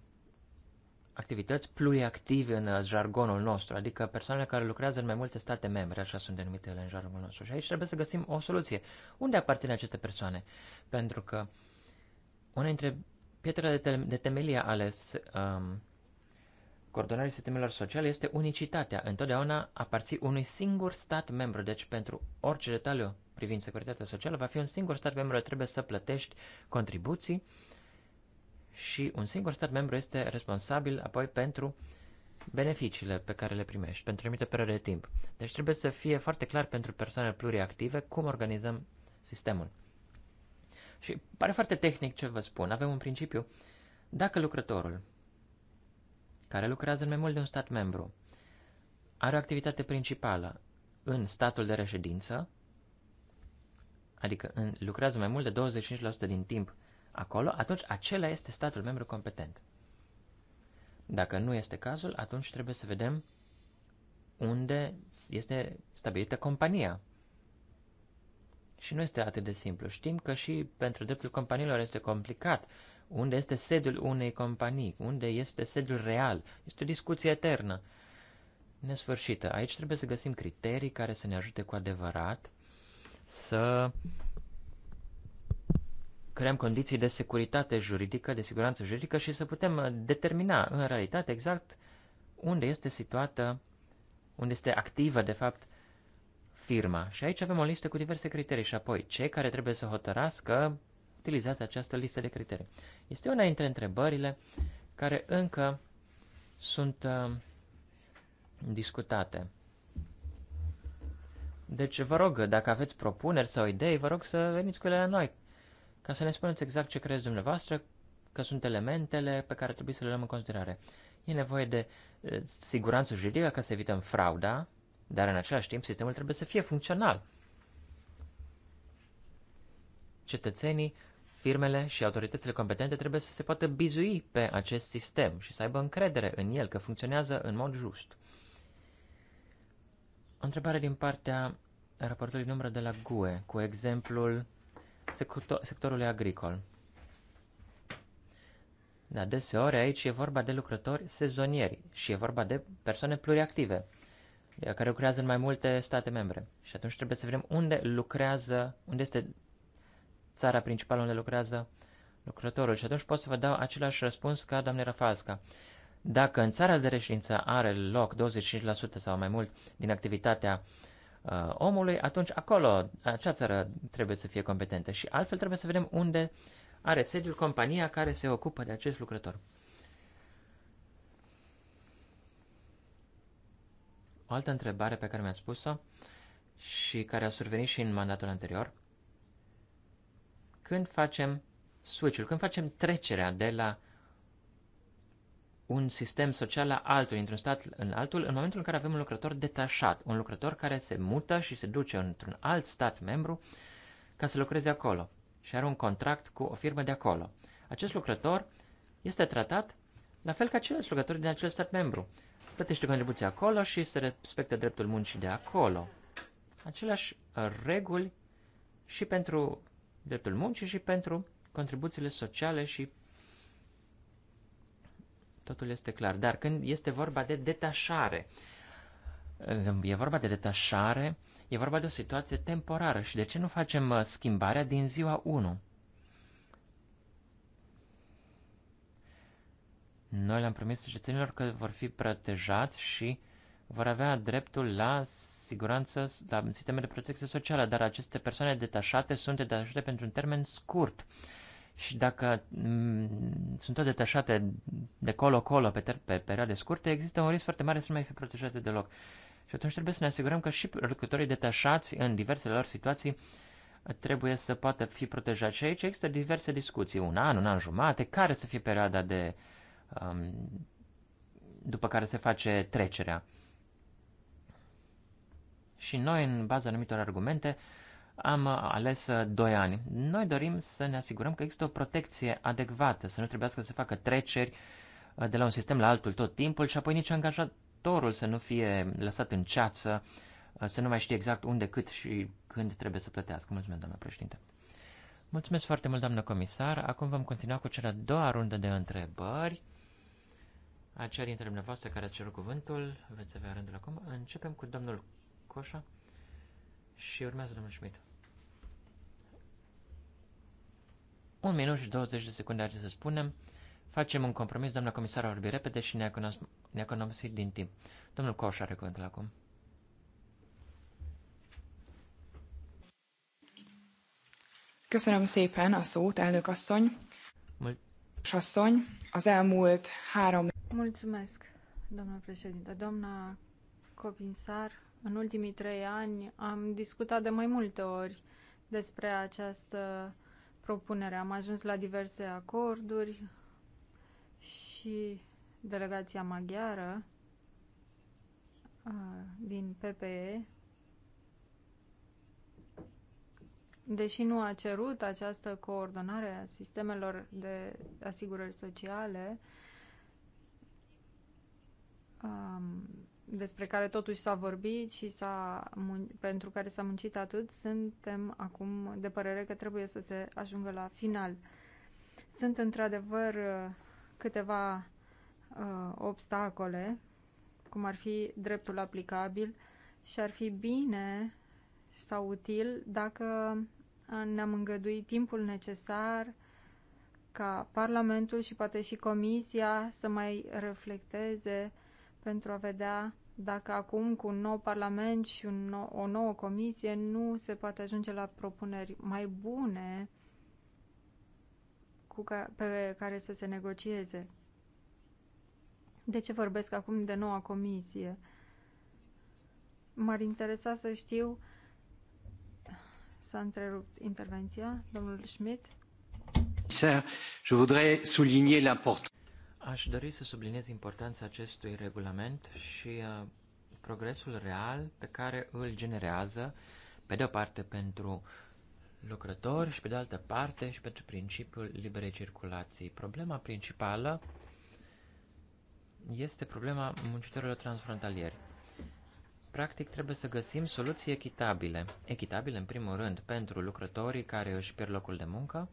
activități pluriactive în uh, jargonul nostru, adică persoanele care lucrează în mai multe state membre, așa sunt denumite ele în jargonul nostru. Și aici trebuie să găsim o soluție. Unde aparțin aceste persoane? Pentru că una dintre pietrele de, de temelie ale um, coordonării sistemelor sociale este unicitatea. Întotdeauna aparții unui singur stat membru, deci pentru orice detaliu privind securitatea socială, va fi un singur stat membru care trebuie să plătești contribuții uh, și un singur stat membru este responsabil apoi pentru beneficiile pe care le primești pentru o anumită perioadă de timp. Deci trebuie să fie foarte clar pentru persoanele pluriactive cum organizăm sistemul. Și pare foarte tehnic ce vă spun. Avem un principiu. Dacă lucrătorul care lucrează în mai mult de un stat membru are o activitate principală în statul de reședință, adică în, lucrează mai mult de 25% din timp acolo, atunci acela este statul membru competent. Dacă nu este cazul, atunci trebuie să vedem unde este stabilită compania. Și nu este atât de simplu. Știm că și pentru dreptul companiilor este complicat. Unde este sediul unei companii? Unde este sediul real? Este o discuție eternă, nesfârșită. Aici trebuie să găsim criterii care să ne ajute cu adevărat să creăm condiții de securitate juridică, de siguranță juridică și să putem uh, determina în realitate exact unde este situată, unde este activă, de fapt, firma. Și aici avem o listă cu diverse criterii și apoi cei care trebuie să hotărască utilizează această listă de criterii. Este una dintre întrebările care încă sunt uh, discutate. Deci vă rog, dacă aveți propuneri sau idei, vă rog să veniți cu ele la noi, ca să ne spuneți exact ce crezi dumneavoastră că sunt elementele pe care trebuie să le luăm în considerare. E nevoie de e, siguranță juridică ca să evităm frauda, dar în același timp sistemul trebuie să fie funcțional. Cetățenii, firmele și autoritățile competente trebuie să se poată bizui pe acest sistem și să aibă încredere în el că funcționează în mod just. O întrebare din partea raportului numără de la GUE, cu exemplul sectorului agricol. Da, deseori aici e vorba de lucrători sezonieri și e vorba de persoane pluriactive care lucrează în mai multe state membre. Și atunci trebuie să vedem unde lucrează, unde este țara principală unde lucrează lucrătorul. Și atunci pot să vă dau același răspuns ca doamne Rafalska. Dacă în țara de reședință are loc 25% sau mai mult din activitatea uh, uh, omului, atunci acolo, acea țară trebuie să fie competentă și altfel trebuie să vedem unde are sediul compania care se ocupă de acest lucrător. O altă întrebare pe care mi-ați spus-o și care a survenit și în mandatul anterior. Când facem switch-ul, când facem trecerea de la uh, un sistem social la altul, într un stat în altul, în momentul în care avem un lucrător detașat, un lucrător care se mută și se duce într-un alt stat membru ca să lucreze acolo și are un contract cu o firmă de acolo. Acest lucrător este tratat la fel ca ceilalți lucrători din acel stat membru. Plătește contribuția acolo și se respectă dreptul muncii de acolo. Aceleași uh, reguli și pentru dreptul muncii și pentru contribuțiile sociale și totul este clar. Dar când este vorba de detașare, e vorba de detașare, e vorba de o situație temporară și de ce nu facem uh, schimbarea din ziua 1? Noi le-am promis cetățenilor că vor fi protejați și vor avea dreptul la siguranță, la sisteme de protecție socială, dar aceste persoane detașate sunt detașate pentru un termen scurt. Uh, și dacă mm, sunt tot detașate de colo-colo pe, pe perioade scurte, există un risc foarte mare să nu mai fie protejate deloc. Și atunci trebuie să ne asigurăm că și lucrătorii detașați în diversele lor situații trebuie să poată fi protejați. Și aici există diverse discuții, un an, un an jumate, care să fie perioada de um, după care se face trecerea. Și noi, în baza anumitor argumente, uh, am ales 2 uh, ani. Noi dorim să ne asigurăm că există o protecție adecvată, să nu trebuiască să se facă treceri uh, de la un sistem la altul tot timpul și apoi nici angajatorul să nu fie lăsat în ceață, uh, să nu mai știe exact unde, cât și când trebuie să plătească. Mulțumesc, doamna președinte. Mulțumesc foarte mult, doamnă comisar. Acum vom continua cu cea de-a doua rundă de întrebări. Aceia dintre dumneavoastră care ați cerut cuvântul, veți avea rândul acum. Începem cu domnul Coșa și urmează domnul Schmidt. Un minut și 20 de secunde are să spunem. Facem un compromis, doamna comisară vorbi repede și ne, econos- ne economisim din timp. Domnul Coș are cuvântul acum. Köszönöm szépen a szót, elnök asszony. Mul- asszony, az elmúlt három... Mulțumesc, domnul președinte. domnul comisar, în ultimii trei ani am discutat de mai multe ori despre această propunere. Am ajuns la diverse acorduri și delegația maghiară din PPE, deși nu a cerut această coordonare a sistemelor de asigurări sociale, despre care totuși s-a vorbit și s-a pentru care s-a muncit atât, suntem acum de părere că trebuie să se ajungă la final. Sunt într-adevăr uh, câteva uh, obstacole, cum ar fi dreptul aplicabil și ar fi bine sau util dacă uh, ne-am îngăduit timpul necesar ca Parlamentul și poate și Comisia să mai reflecteze pentru a vedea dacă acum cu un nou parlament și un nou, o nouă comisie nu se poate ajunge la propuneri mai bune cu ca, pe care să se negocieze. De ce vorbesc acum de noua comisie? M-ar interesa să știu s-a întrerupt intervenția, domnul Schmidt. Je voudrais souligner l'importance Aș dori să subliniez importanța acestui regulament și uh, progresul real pe care îl generează, pe de-o parte pentru lucrători și pe de altă parte și pentru principiul liberei circulații. Problema principală este problema muncitorilor transfrontalieri. Practic trebuie să găsim soluții echitabile. Echitabile în primul rând pentru lucrătorii care își pierd locul de muncă,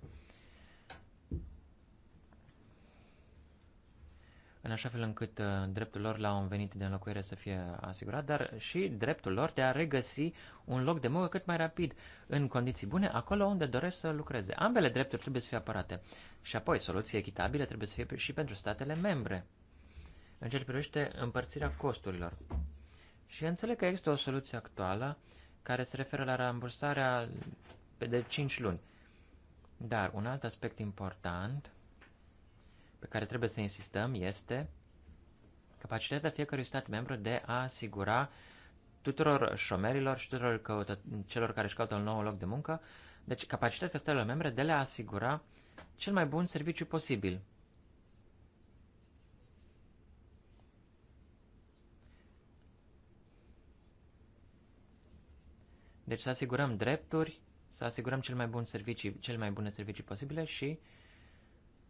în așa fel încât uh, dreptul lor la un venit de înlocuire să fie asigurat, dar și dreptul lor de a regăsi un loc de muncă cât mai rapid, în condiții bune, acolo unde doresc să lucreze. Ambele drepturi trebuie să fie apărate. Și apoi, soluții echitabile trebuie să fie și pentru statele membre, în ce privește împărțirea costurilor. Și înțeleg că există o soluție actuală care se referă la rambursarea de 5 luni. Dar un alt aspect important pe care trebuie să insistăm este capacitatea fiecărui stat membru de a asigura tuturor șomerilor și tuturor căută, celor care își caută un nou loc de muncă, deci capacitatea statelor membre de le a asigura cel mai bun serviciu posibil. Deci să asigurăm drepturi, să asigurăm cel mai bun servicii, cele mai bune servicii posibile și uh,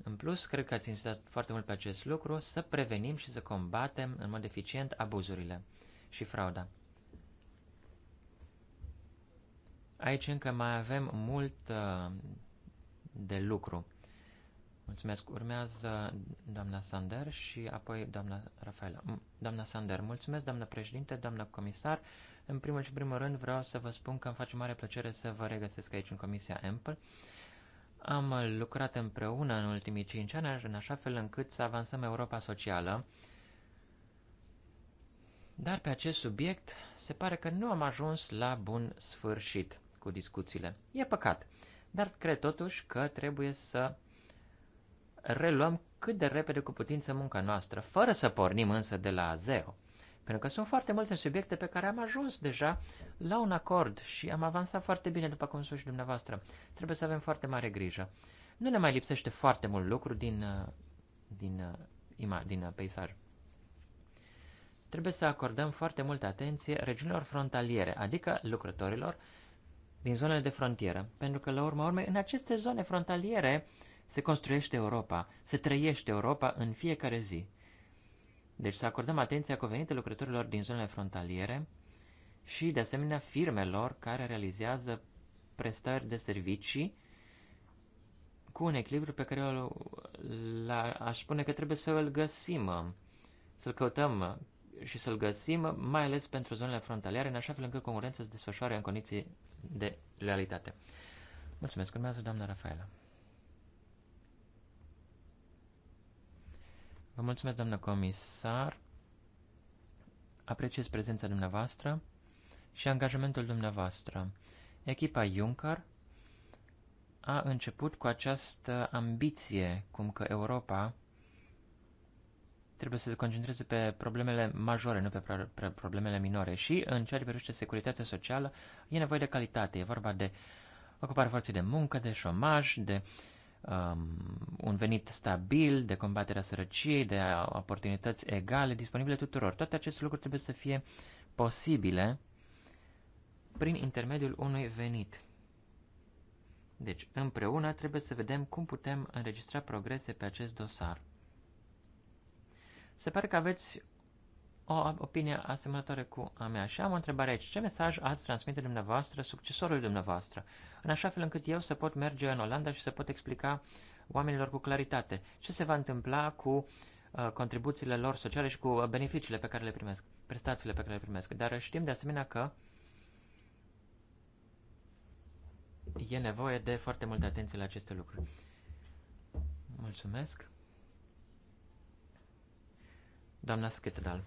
în plus, cred că ați insistat foarte mult pe acest lucru, să prevenim și să combatem în mod eficient abuzurile și frauda. Aici încă mai avem mult uh, de lucru. Mulțumesc. Urmează doamna Sander și apoi doamna Rafaela. Doamna Sander, mulțumesc, doamna președinte, doamna comisar. În primul și primul rând vreau să vă spun că îmi face mare plăcere să vă regăsesc aici în Comisia Ample. Am lucrat împreună în ultimii cinci ani, în așa fel încât să avansăm Europa socială, dar pe acest subiect se pare că nu am ajuns la bun sfârșit cu discuțiile. E păcat, dar cred totuși că trebuie să reluăm cât de repede cu putință munca noastră, fără să pornim însă de la zero. Pentru că sunt foarte multe subiecte pe care am ajuns deja la un acord și am avansat foarte bine, după cum spus și dumneavoastră. Trebuie să avem foarte mare grijă. Nu ne mai lipsește foarte mult lucru din, uh, din, uh, din uh, peisaj. Trebuie să acordăm foarte multă atenție regiunilor frontaliere, adică lucrătorilor din zonele de frontieră. Pentru că, la urma urmei, în aceste zone frontaliere se construiește Europa, se trăiește Europa în fiecare zi. Deci să acordăm atenția cuvenite lucrătorilor din zonele frontaliere și, de asemenea, firmelor care realizează prestări de servicii cu un echilibru pe care eu aș spune că trebuie să îl găsim, să-l căutăm și să-l găsim, mai ales pentru zonele frontaliere, în așa fel încât concurența se desfășoare în condiții de realitate. Mulțumesc. Urmează doamna Rafaela. Vă mulțumesc, doamnă comisar. Apreciez prezența dumneavoastră și angajamentul dumneavoastră. Echipa Juncker a început cu această ambiție, cum că Europa trebuie să se concentreze pe problemele majore, nu pe problemele minore. Și în ceea ce privește securitatea socială, e nevoie de calitate. E vorba de ocuparea forței de muncă, de șomaj, de uh, um, un venit stabil, de combaterea sărăciei, de oportunități egale disponibile tuturor. Toate aceste lucruri trebuie să fie posibile prin intermediul unui venit. Deci, împreună trebuie să vedem cum putem înregistra progrese pe acest dosar. Se pare că aveți o opinie asemănătoare cu a mea și am o întrebare aici. Ce mesaj ați transmite dumneavoastră succesorului dumneavoastră, în așa fel încât eu să pot merge în Olanda și să pot explica oamenilor cu claritate ce se va întâmpla cu uh, contribuțiile lor sociale și cu uh, beneficiile pe care le primesc, prestațiile pe care le primesc. Dar știm de asemenea că e nevoie de foarte multă atenție la aceste lucruri. Mulțumesc. Doamna Schetedal.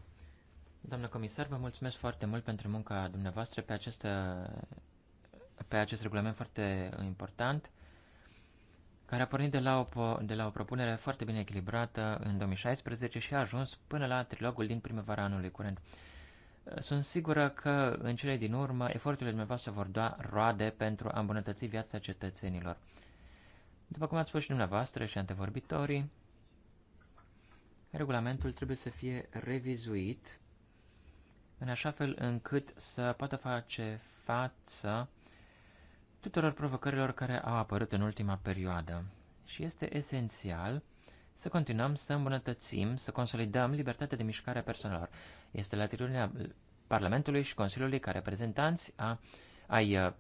Doamnă comisar, vă mulțumesc foarte mult pentru munca dumneavoastră pe acest, pe acest regulament foarte important, care a pornit de la, o, de la o propunere foarte bine echilibrată în 2016 și a ajuns până la trilogul din primăvara anului curent. Sunt sigură că, în cele din urmă, eforturile dumneavoastră vor da roade pentru a îmbunătăți viața cetățenilor. După cum ați spus și dumneavoastră și antevorbitorii, regulamentul trebuie să fie revizuit în așa fel încât să poată face față tuturor provocărilor care au apărut în ultima perioadă. Și este esențial să continuăm să îmbunătățim, să consolidăm libertatea de mișcare a persoanelor. Este la latitudinea Parlamentului și Consiliului ca reprezentanți a, ai uh,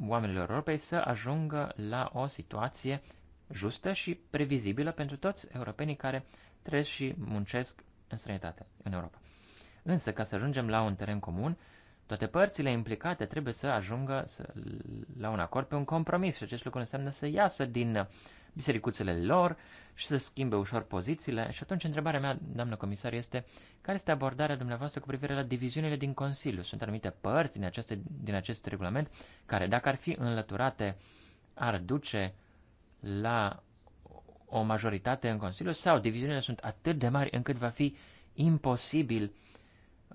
oamenilor Europei să ajungă la o situație justă și previzibilă pentru toți europenii care trăiesc și muncesc în străinătate, în Europa. Însă, ca să ajungem la un teren comun, toate părțile implicate trebuie să ajungă să, la un acord pe un compromis și acest lucru înseamnă să iasă din bisericuțele lor și să schimbe ușor pozițiile. Și atunci întrebarea mea, doamnă comisar, este care este abordarea dumneavoastră cu privire la diviziunile din Consiliu? Sunt anumite părți din, aceste, din acest regulament care, dacă ar fi înlăturate, ar duce la o majoritate în Consiliu sau diviziunile sunt atât de mari încât va fi imposibil uh,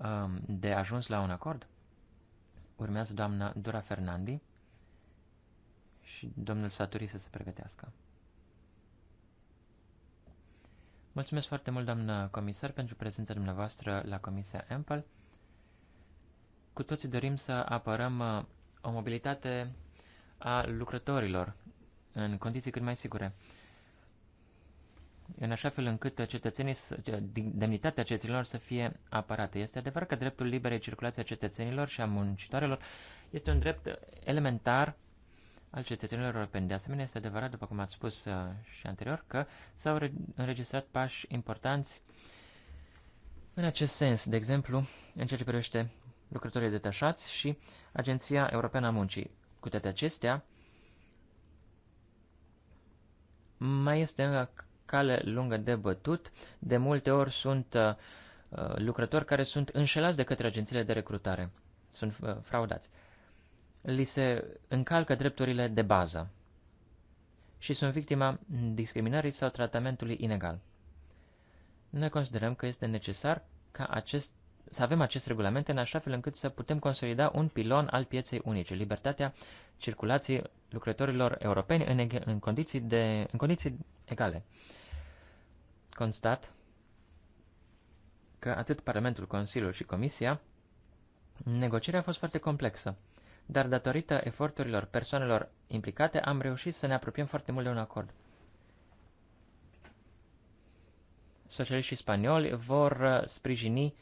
Um, de ajuns la un acord. Urmează doamna Dura Fernandi și domnul Saturi să se pregătească. Mulțumesc foarte mult, doamnă comisar, pentru prezența dumneavoastră la Comisia Ample. Cu toții dorim să apărăm uh, o mobilitate a lucrătorilor în condiții cât mai sigure în așa fel încât cetățenii, demnitatea cetățenilor să fie apărată. Este adevărat că dreptul liberei circulației a cetățenilor și a muncitoarelor este un drept elementar al cetățenilor europeni. De asemenea, este adevărat, după cum ați spus uh, și anterior, că s-au înregistrat pași importanți în acest sens, de exemplu, în ceea ce privește lucrătorii detașați și Agenția Europeană a Muncii. Cu toate acestea, mai este cale lungă de bătut. De multe ori sunt uh, uh, lucrători care sunt înșelați de către agențiile de recrutare, sunt uh, fraudați. Li se încalcă drepturile de bază și sunt victima discriminării sau tratamentului inegal. Noi considerăm că este necesar ca acest, să avem acest regulament în așa fel încât să putem consolida un pilon al pieței unice, libertatea circulației lucrătorilor europeni în, în, condiții, de, în condiții egale. Constat că atât Parlamentul, Consiliul și Comisia, negocierea a fost foarte complexă, dar datorită eforturilor persoanelor implicate am reușit să ne apropiem foarte mult de un acord. Socialiștii spanioli vor uh, sprijini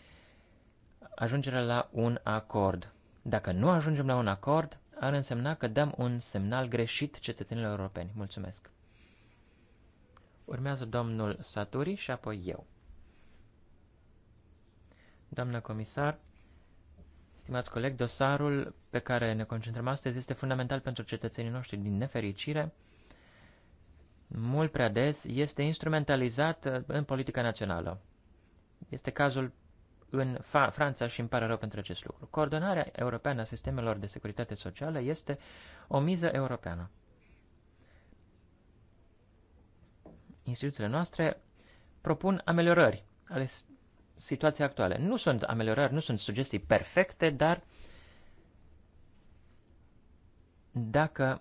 ajungerea la un acord. Dacă nu ajungem la un acord, ar însemna că dăm un semnal greșit cetățenilor europeni. Mulțumesc. Urmează domnul Saturi și apoi eu. Doamnă comisar, stimați coleg, dosarul pe care ne concentrăm astăzi este fundamental pentru cetățenii noștri. Din nefericire, mult prea des este instrumentalizat uh, în politica națională. Este cazul în Franța și îmi pare rău pentru acest lucru. Coordonarea europeană a sistemelor de securitate socială este o miză europeană. Instituțiile noastre propun ameliorări ale situației actuale. Nu sunt ameliorări, nu sunt sugestii perfecte, dar dacă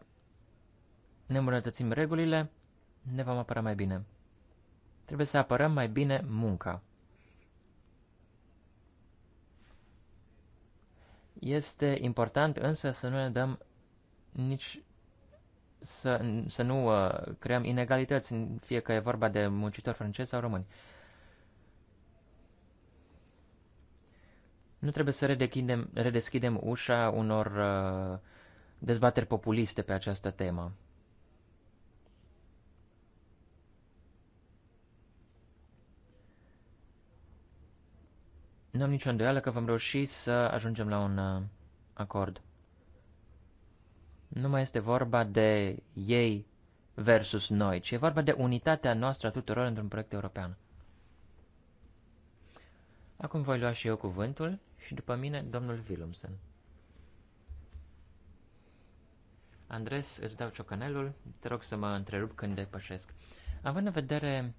ne îmbunătățim regulile, ne vom apăra mai bine. Trebuie să apărăm mai bine munca. Este important însă să nu ne dăm nici să, să nu uh, creăm inegalități, fie că e vorba de muncitori francezi sau români. Nu trebuie să redeschidem, redeschidem ușa unor uh, dezbateri populiste pe această temă. Nu am nicio îndoială că vom reuși să ajungem la un uh, acord. Nu mai este vorba de ei versus noi, ci e vorba de unitatea noastră a tuturor într-un proiect european. Acum voi lua și eu cuvântul și după mine domnul Willumsen. Andres, îți dau ciocanelul, te rog să mă întrerup când depășesc. Având în vedere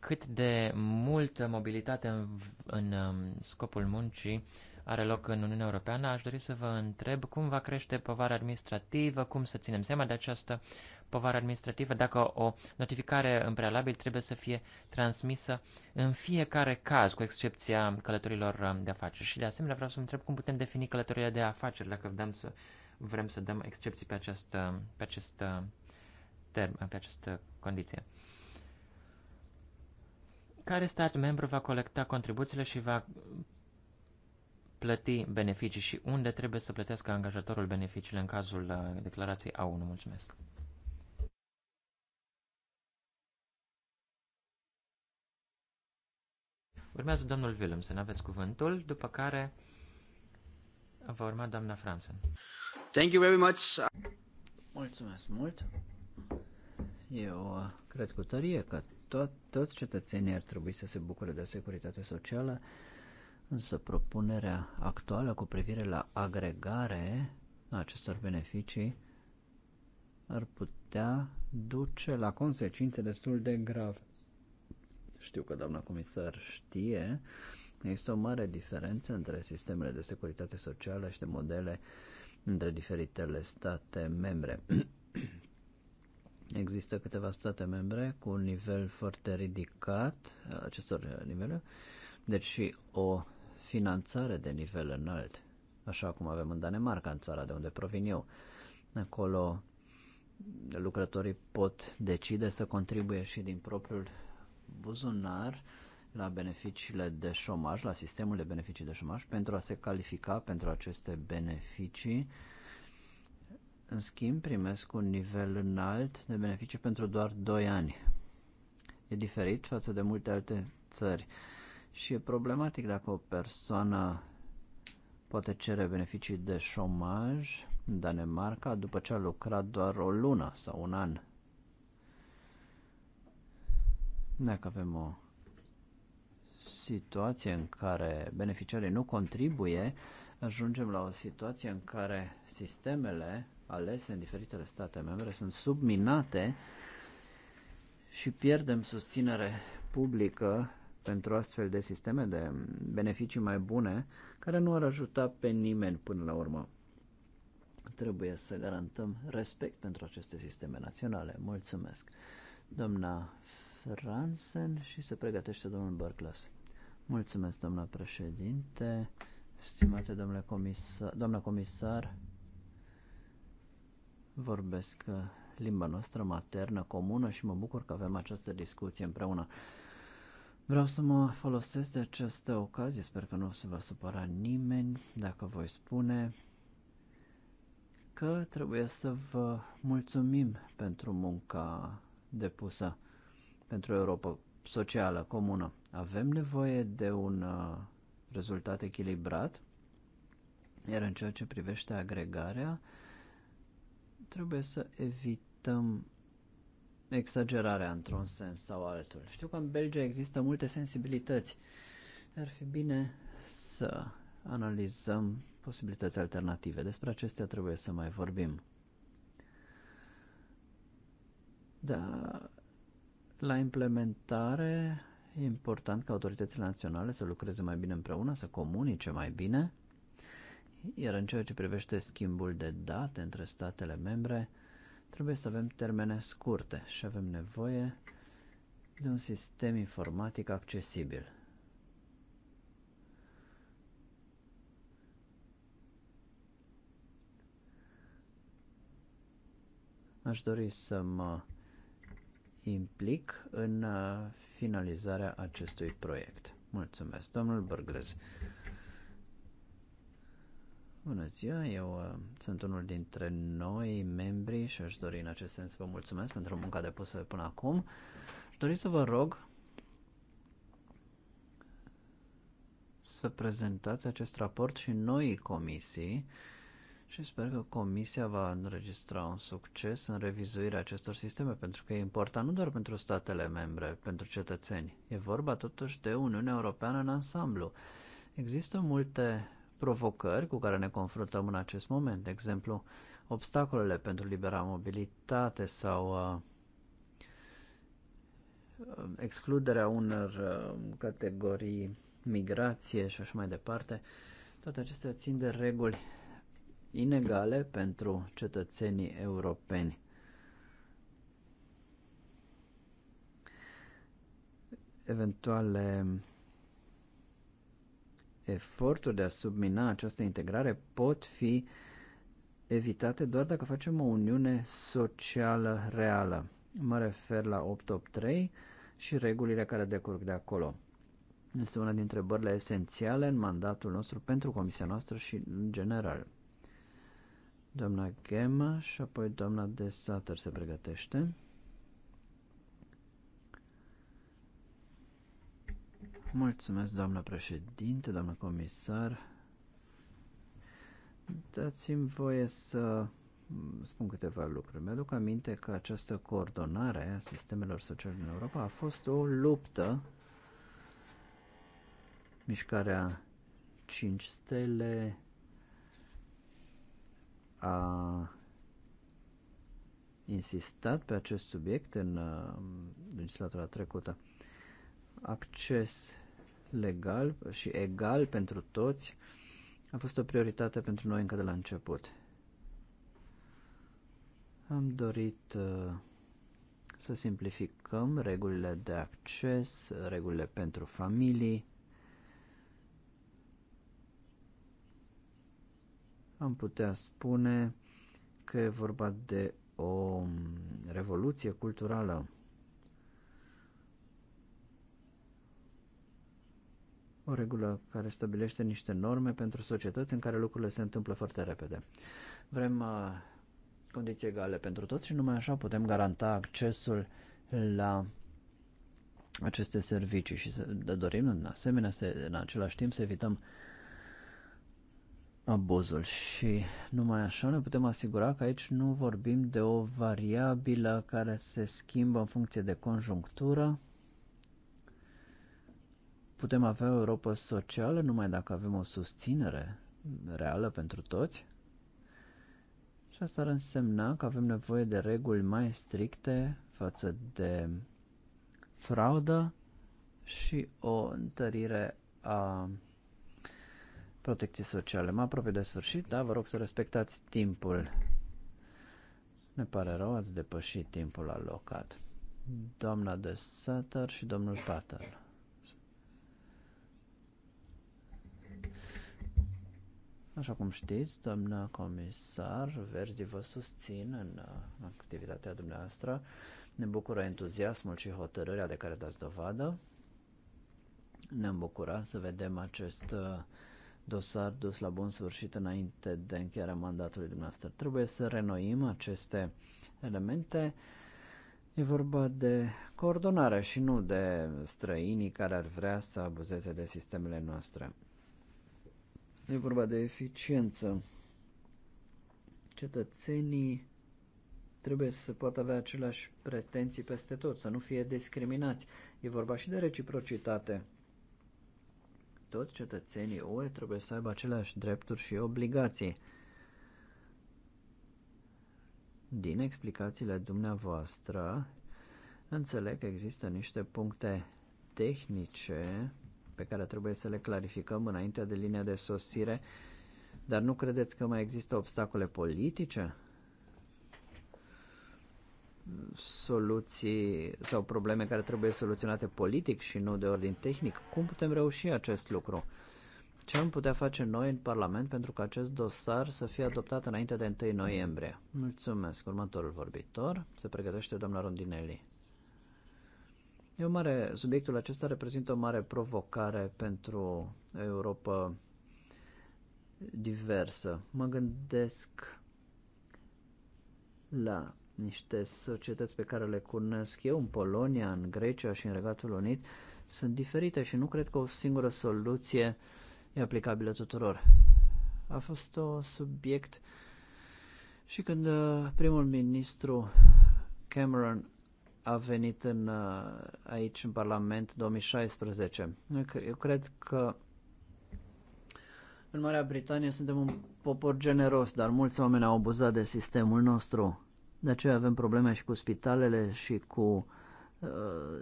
cât de multă mobilitate în, în um, scopul muncii are loc în Uniunea Europeană, aș dori să vă întreb cum va crește povara administrativă, cum să ținem seama de această povară administrativă, dacă o notificare în prealabil trebuie să fie transmisă în fiecare caz, cu excepția călătorilor um, de afaceri. Și de asemenea vreau să întreb cum putem defini călătoria de afaceri, dacă vrem să, vrem să dăm excepții pe această, pe această uh, term, pe această condiție. Care stat membru va colecta contribuțiile și va plăti beneficii și unde trebuie să plătească angajatorul beneficiile în cazul uh, declarației A1? Mulțumesc! Urmează domnul Willem, să aveți cuvântul, după care va urma doamna Fransen. Thank you very much. Mulțumesc mult. Eu uh, cred cu tărie că tot, toți cetățenii ar trebui să se bucure de securitate socială, însă propunerea actuală cu privire la agregare a acestor beneficii ar putea duce la consecințe destul de grave. Știu că doamna comisar știe, există o mare diferență între sistemele de securitate socială și de modele între diferitele state membre. *clears throat* Există câteva state membre cu un nivel foarte ridicat al uh, acestor uh, nivele, deci și o finanțare de nivel înalt, așa cum avem în Danemarca, în țara de unde provin eu. Acolo lucrătorii pot decide să contribuie și din propriul buzunar la beneficiile de șomaj, la sistemul de beneficii de șomaj, pentru a se califica pentru aceste beneficii în schimb, primesc un nivel înalt de beneficii pentru doar 2 ani. E diferit față de multe alte țări și e problematic dacă o persoană poate cere beneficii de șomaj în Danemarca după ce a lucrat doar o lună sau un an. Dacă avem o situație în care beneficiarii nu contribuie, ajungem la o situație în care sistemele alese în diferitele state membre sunt subminate și pierdem susținere publică pentru astfel de sisteme de beneficii mai bune care nu ar ajuta pe nimeni până la urmă. Trebuie să garantăm respect pentru aceste sisteme naționale. Mulțumesc. Doamna Fransen și se pregătește domnul Barclas. Mulțumesc, doamna președinte, stimate domnule comisar, doamna comisar, vorbesc uh, limba noastră maternă comună și mă bucur că avem această discuție împreună. Vreau să mă folosesc de această ocazie, sper că nu se va supăra nimeni dacă voi spune că trebuie să vă mulțumim pentru munca depusă pentru Europa socială, comună. Avem nevoie de un uh, rezultat echilibrat, iar în ceea ce privește agregarea, trebuie să evităm exagerarea într-un sens sau altul. Știu că în Belgia există multe sensibilități. Ar fi bine să analizăm posibilități alternative. Despre acestea trebuie să mai vorbim. Da, la implementare e important ca autoritățile naționale să lucreze mai bine împreună, să comunice mai bine iar în ceea ce privește schimbul de date între statele membre, trebuie să avem termene scurte și avem nevoie de un sistem informatic accesibil. Aș dori să mă implic în uh, finalizarea acestui proiect. Mulțumesc, domnul Bărgrez. Bună ziua, eu uh, sunt unul dintre noi membri și aș dori în acest sens să vă mulțumesc pentru munca depusă până acum. Aș dori să vă rog să prezentați acest raport și noi comisii și sper că comisia va înregistra un succes în revizuirea acestor sisteme, pentru că e important nu doar pentru statele membre, pentru cetățeni. E vorba totuși de Uniunea Europeană în ansamblu. Există multe provocări cu care ne confruntăm în acest moment, de exemplu, obstacolele pentru libera mobilitate sau uh, uh, excluderea unor uh, categorii migrație și așa mai departe, toate acestea țin de reguli inegale pentru cetățenii europeni. Eventuale eforturi de a submina această integrare pot fi evitate doar dacă facem o uniune socială reală. Mă refer la 883 și regulile care decurg de acolo. Este una dintre întrebările esențiale în mandatul nostru pentru comisia noastră și în general. Doamna Gemma și apoi doamna de Sater se pregătește. Mulțumesc, doamnă președinte, doamnă comisar. Dați-mi voie să spun câteva lucruri. Mi-aduc aminte că această coordonare a sistemelor sociale în Europa a fost o luptă. Mișcarea 5 stele a insistat pe acest subiect în uh, legislatura trecută acces legal și egal pentru toți a fost o prioritate pentru noi încă de la început. Am dorit uh, să simplificăm regulile de acces, regulile pentru familii. Am putea spune că e vorba de o mm, revoluție culturală o regulă care stabilește niște norme pentru societăți în care lucrurile se întâmplă foarte repede. Vrem uh, condiții egale pentru toți și numai așa putem garanta accesul la aceste servicii și să dorim în asemenea să, în același timp să evităm abuzul și numai așa ne putem asigura că aici nu vorbim de o variabilă care se schimbă în funcție de conjunctură Putem avea o Europa socială numai dacă avem o susținere reală pentru toți? Și asta ar însemna că avem nevoie de reguli mai stricte față de fraudă și o întărire a protecției sociale. Mă apropie de sfârșit, da? Vă rog să respectați timpul. Ne pare rău, ați depășit timpul alocat. Doamna de Sutter și domnul Patel. Așa cum știți, doamna comisar, Verzi vă susțin uh, în activitatea dumneavoastră. Ne bucură entuziasmul și hotărârea de care dați dovadă. Ne-am bucurat să vedem acest uh, dosar dus la bun sfârșit înainte de încheierea mandatului dumneavoastră. Trebuie să renoim aceste elemente. E vorba de coordonare și nu de străinii care ar vrea să abuzeze de sistemele noastre. E vorba de eficiență. Cetățenii trebuie să poată avea aceleași pretenții peste tot, să nu fie discriminați. E vorba și de reciprocitate. Toți cetățenii UE trebuie să aibă aceleași drepturi și obligații. Din explicațiile dumneavoastră, înțeleg că există niște puncte tehnice pe care trebuie să le clarificăm înainte de linia de sosire, dar nu credeți că mai există obstacole politice? soluții sau probleme care trebuie soluționate politic și nu de ordin tehnic. Cum putem reuși acest lucru? Ce am putea face noi în Parlament pentru ca acest dosar să fie adoptat înainte de 1 noiembrie? Mulțumesc. Următorul vorbitor se pregătește doamna Rondinelli. E o mare, subiectul acesta reprezintă o mare provocare pentru Europa diversă. Mă gândesc la niște societăți pe care le cunosc eu în Polonia, în Grecia și în Regatul Unit sunt diferite și nu cred că o singură soluție e aplicabilă tuturor. A fost un subiect și când uh, primul ministru Cameron a venit în, uh, aici în Parlament 2016. Eu cred că în Marea Britanie suntem un popor generos, dar mulți oameni au abuzat de sistemul nostru. De aceea avem probleme și cu spitalele și cu uh,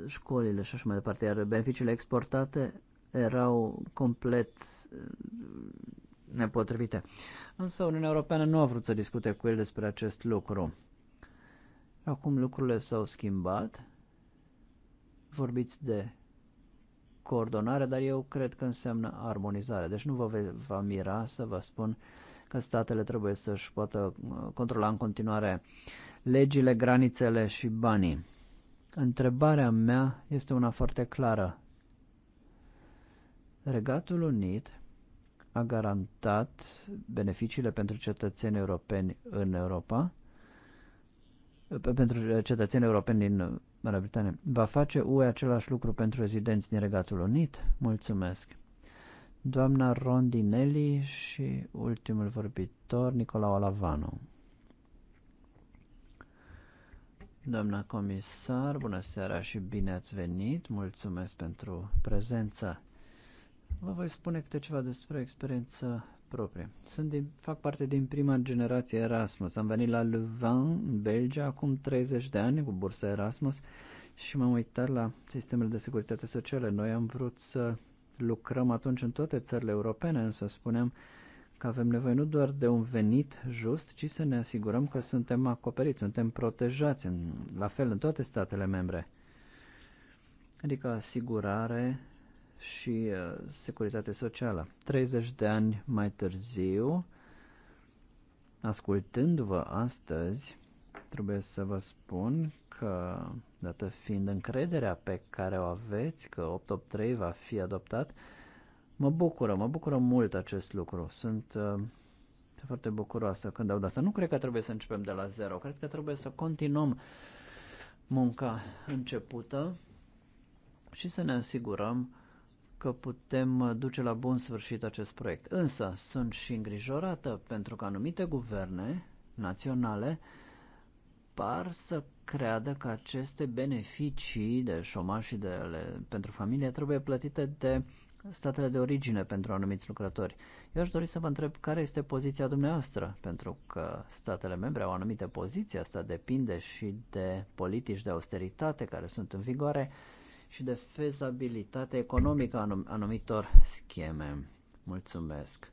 școlile și așa mai departe. Iar beneficiile exportate erau complet uh, nepotrivite. Însă Uniunea Europeană nu a vrut să discute cu el despre acest lucru. Acum lucrurile s-au schimbat. Vorbiți de coordonare, dar eu cred că înseamnă armonizare. Deci nu vă va mira să vă spun că statele trebuie să-și poată uh, controla în continuare legile, granițele și banii. Întrebarea mea este una foarte clară. Regatul Unit a garantat beneficiile pentru cetățenii europeni în Europa, pentru cetățenii europeni din Marea Britanie. Va face UE același lucru pentru rezidenți din Regatul Unit? Mulțumesc! Doamna Rondinelli și ultimul vorbitor, Nicola Olavanu. Doamna comisar, bună seara și bine ați venit. Mulțumesc pentru prezența. Vă voi spune câte ceva despre experiența proprie. Sunt din, fac parte din prima generație Erasmus. Am venit la Louvain, în Belgia, acum 30 de ani cu bursa Erasmus și m-am uitat la sistemele de securitate sociale. Noi am vrut să lucrăm atunci în toate țările europene, însă spuneam că avem nevoie nu doar de un venit just, ci să ne asigurăm că suntem acoperiți, suntem protejați, în, la fel în toate statele membre. Adică asigurare și uh, securitate socială. 30 de ani mai târziu, ascultându-vă astăzi, trebuie să vă spun că, dată fiind încrederea pe care o aveți că 883 va fi adoptat, mă bucură, mă bucură mult acest lucru. Sunt uh, foarte bucuroasă când aud asta. Nu cred că trebuie să începem de la zero, cred că trebuie să continuăm munca începută și să ne asigurăm că putem uh, duce la bun sfârșit acest proiect. Însă sunt și îngrijorată pentru că anumite guverne naționale par să creadă că aceste beneficii de șomaj și de ale, pentru familie trebuie plătite de statele de origine pentru anumiți lucrători. Eu aș dori să vă întreb care este poziția dumneavoastră, pentru că statele membre au anumite poziții, asta depinde și de politici de austeritate care sunt în vigoare. Uh, și de fezabilitate economică a anumitor scheme. Mulțumesc.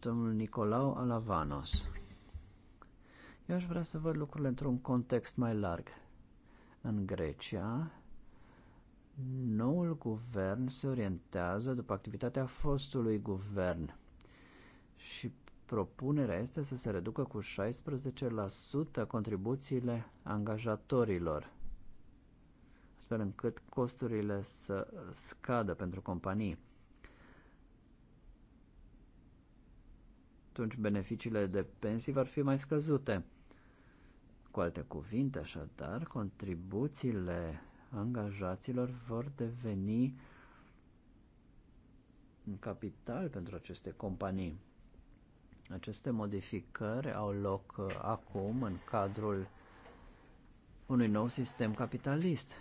Domnul Nicolau Alavanos. Eu aș vrea să văd lucrurile într-un context mai larg. În Grecia, noul guvern se orientează după activitatea fostului guvern și propunerea este să se reducă cu 16% contribuțiile angajatorilor astfel încât costurile să scadă pentru companii. Atunci beneficiile de pensii vor fi mai scăzute. Cu alte cuvinte, așadar, contribuțiile angajaților vor deveni un capital pentru aceste companii. Aceste modificări au loc acum în cadrul unui nou sistem capitalist.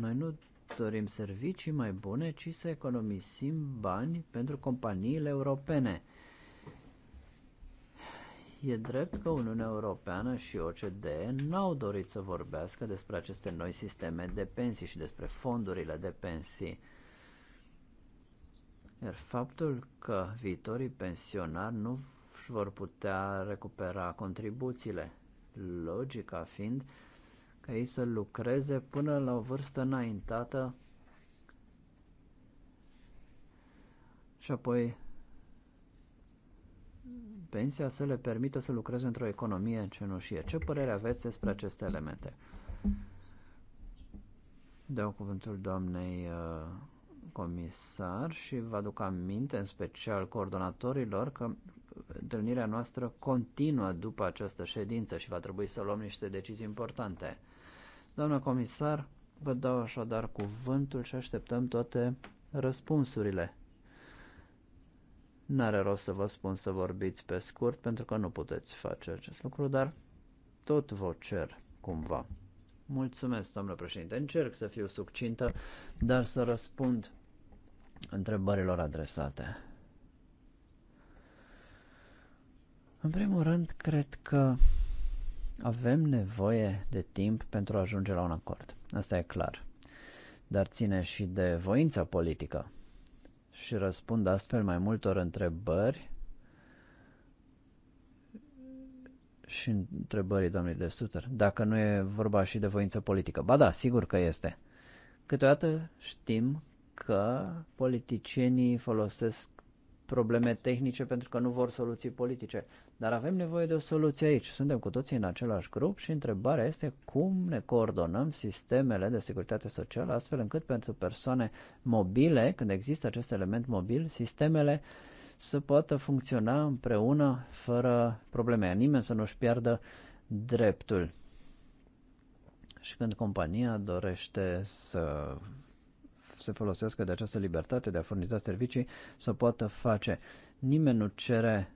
Noi nu dorim servicii mai bune, ci să economisim bani pentru companiile europene. E drept că Uniunea Europeană și OCDE n-au dorit să vorbească despre aceste noi sisteme de pensii și despre fondurile de pensii. Iar faptul că viitorii pensionari nu își vor putea recupera contribuțiile, logica fiind ca ei să lucreze până la o vârstă înaintată și apoi pensia să le permită să lucreze într-o economie cenușie. Ce părere aveți despre aceste elemente? Dau cuvântul doamnei uh, comisar și vă aduc aminte, în special coordonatorilor, că întâlnirea noastră continuă după această ședință și va trebui să luăm niște decizii importante. Doamnă comisar, vă dau așadar cuvântul și așteptăm toate răspunsurile. N-are rost să vă spun să vorbiți pe scurt, pentru că nu puteți face acest lucru, dar tot vă cer cumva. Mulțumesc, domnule președinte. Încerc să fiu succintă, dar să răspund întrebărilor adresate. În primul rând, cred că avem nevoie de timp pentru a ajunge la un acord. Asta e clar. Dar ține și de voința politică. Și răspund astfel mai multor întrebări și întrebării domnului de Suter. Dacă nu e vorba și de voință politică. Ba da, sigur că este. Câteodată știm că politicienii folosesc probleme tehnice pentru că nu vor soluții politice. Dar avem nevoie de o soluție aici. Suntem cu toții în același grup și întrebarea este cum ne coordonăm sistemele de securitate socială astfel încât pentru persoane mobile, când există acest element mobil, sistemele să poată funcționa împreună fără probleme. Nimeni să nu-și piardă dreptul. Și când compania dorește să se folosească de această libertate de a furniza servicii să poată face. Nimeni nu cere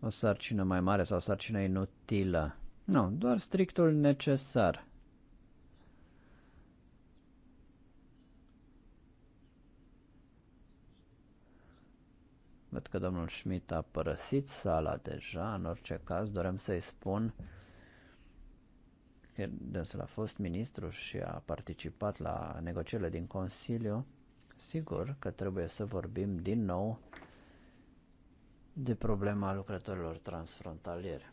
o sarcină mai mare sau o sarcină inutilă. Nu, doar strictul necesar. Văd că domnul Schmidt a părăsit sala deja, în orice caz dorem să-i spun dânsul a fost ministru și a participat la negocierile din Consiliu, sigur că trebuie să vorbim din nou de problema lucrătorilor transfrontaliere.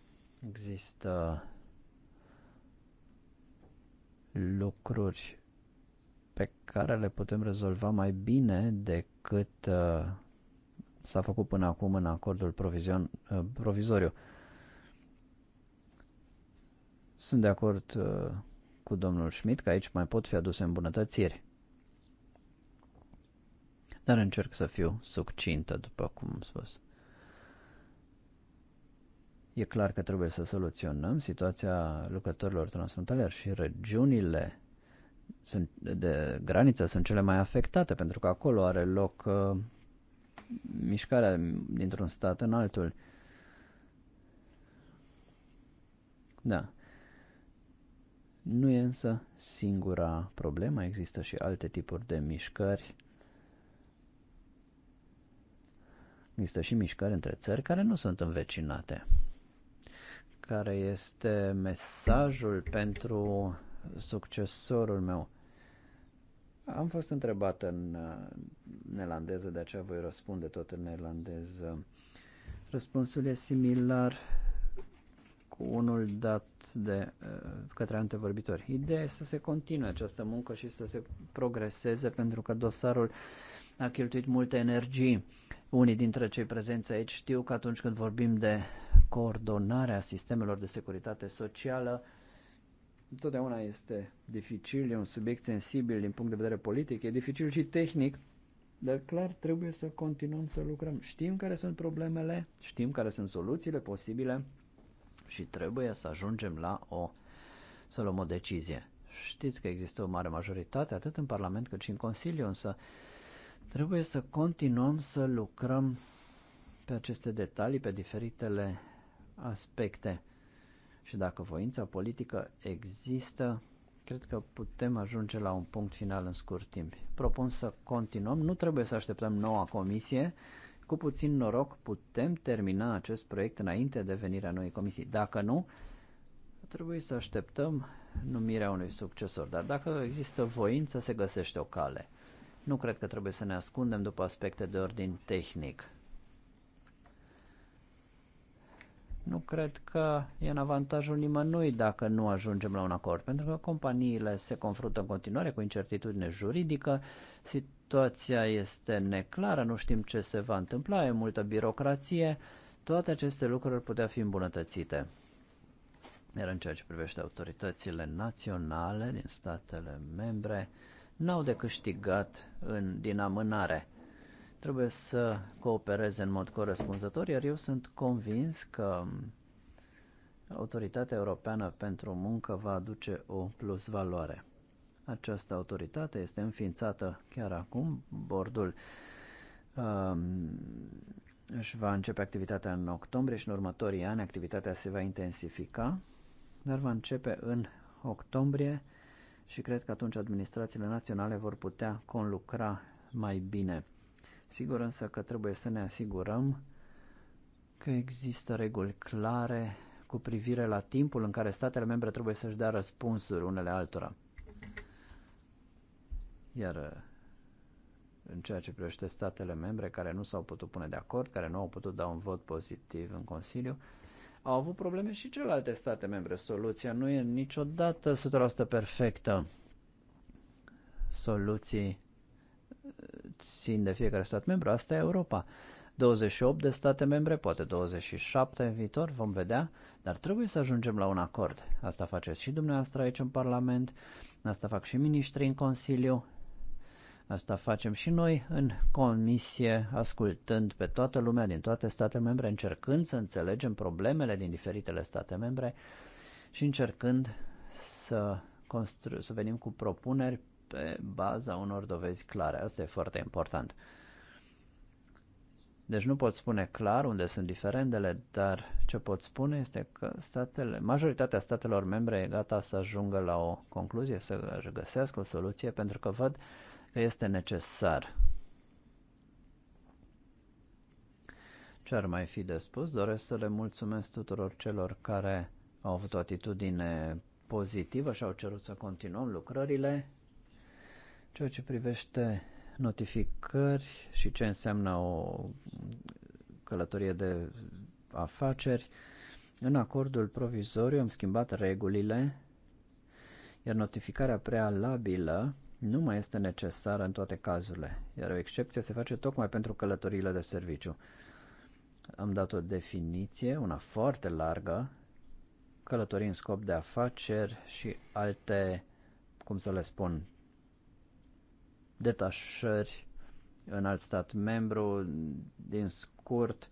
Există lucruri pe care le putem rezolva mai bine decât uh, s-a făcut până acum în acordul provizion, uh, provizoriu. Uh, sunt de acord uh, cu domnul Schmidt că aici mai pot fi aduse îmbunătățiri. Dar încerc să fiu succintă, după cum am spus. E clar că trebuie să soluționăm situația lucrătorilor transfrontalieri și regiunile sunt de graniță sunt cele mai afectate, pentru că acolo are loc uh, mișcarea dintr-un stat în altul. Da. Nu e însă singura problemă, există și alte tipuri de mișcări. Există și mișcări între țări care nu sunt învecinate. Care este mesajul pentru succesorul meu? Am fost întrebat în neerlandeză, de aceea voi răspunde tot în neerlandeză. Răspunsul e similar cu unul dat de uh, către antevorbitori. Ideea este să se continue această muncă și să se progreseze pentru că dosarul a cheltuit multă energie. Unii dintre cei prezenți aici știu că atunci când vorbim de coordonarea sistemelor de securitate socială, întotdeauna este dificil, e un subiect sensibil din punct de vedere politic, e dificil și tehnic, dar clar trebuie să continuăm să lucrăm. Știm care sunt problemele, știm care sunt soluțiile posibile, și trebuie să ajungem la o, să luăm o decizie. Știți că există o mare majoritate atât în Parlament cât și în Consiliu, însă trebuie să continuăm să lucrăm pe aceste detalii, pe diferitele aspecte. Și dacă voința politică există, cred că putem ajunge la un punct final în scurt timp. Propun să continuăm, nu trebuie să așteptăm noua comisie, cu puțin noroc putem termina acest proiect înainte de venirea noii comisii. Dacă nu, trebuie să așteptăm numirea unui succesor, dar dacă există voință, se găsește o cale. Nu cred că trebuie să ne ascundem după aspecte de ordin tehnic. Nu cred că e în avantajul nimănui dacă nu ajungem la un acord, pentru că companiile se confruntă în continuare cu incertitudine juridică, situația este neclară, nu știm ce se va întâmpla, e multă birocrație, toate aceste lucruri ar putea fi îmbunătățite. Iar în ceea ce privește autoritățile naționale din statele membre, n-au de câștigat în, din amânare trebuie să coopereze în mod corespunzător, iar eu sunt convins că um, Autoritatea Europeană pentru Muncă va aduce o plus valoare. Această autoritate este înființată chiar acum. Bordul um, își va începe activitatea în octombrie și în următorii ani activitatea se va intensifica, dar va începe în octombrie și cred că atunci administrațiile naționale vor putea conlucra mai bine. Sigur însă că trebuie să ne asigurăm că există reguli clare cu privire la timpul în care statele membre trebuie să-și dea răspunsuri unele altora. Iar uh, în ceea ce privește statele membre care nu s-au putut pune de acord, care nu au putut da un vot pozitiv în Consiliu, au avut probleme și celelalte state membre. Soluția nu e niciodată 100% perfectă. Soluții puțin de fiecare stat membru, asta e Europa. 28 de state membre, poate 27 în viitor, vom vedea, dar trebuie să ajungem la un acord. Asta faceți și dumneavoastră aici în Parlament, asta fac și miniștrii în Consiliu, asta facem și noi în comisie, ascultând pe toată lumea din toate statele membre, încercând să înțelegem problemele din diferitele state membre și încercând să, să venim cu propuneri pe baza unor dovezi clare. Asta e foarte important. Deci nu pot spune clar unde sunt diferendele, dar ce pot spune este că statele, majoritatea statelor membre e gata să ajungă la o concluzie, să găsească o soluție, pentru că văd că este necesar. Ce ar mai fi de spus? Doresc să le mulțumesc tuturor celor care au avut o atitudine pozitivă și au cerut să continuăm lucrările. Ceea ce privește notificări și ce înseamnă o călătorie de afaceri, în acordul provizoriu am schimbat regulile, iar notificarea prealabilă nu mai este necesară în toate cazurile, iar o excepție se face tocmai pentru călătoriile de serviciu. Am dat o definiție, una foarte largă, călătorii în scop de afaceri și alte, cum să le spun, detașări în alt stat membru, din scurt,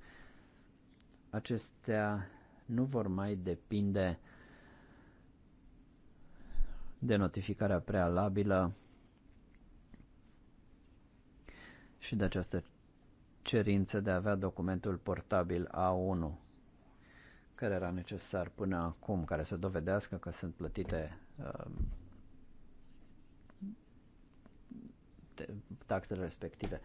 acestea nu vor mai depinde de notificarea prealabilă și de această cerință de a avea documentul portabil A1 care era necesar până acum, care să dovedească că sunt plătite uh, taxele respective.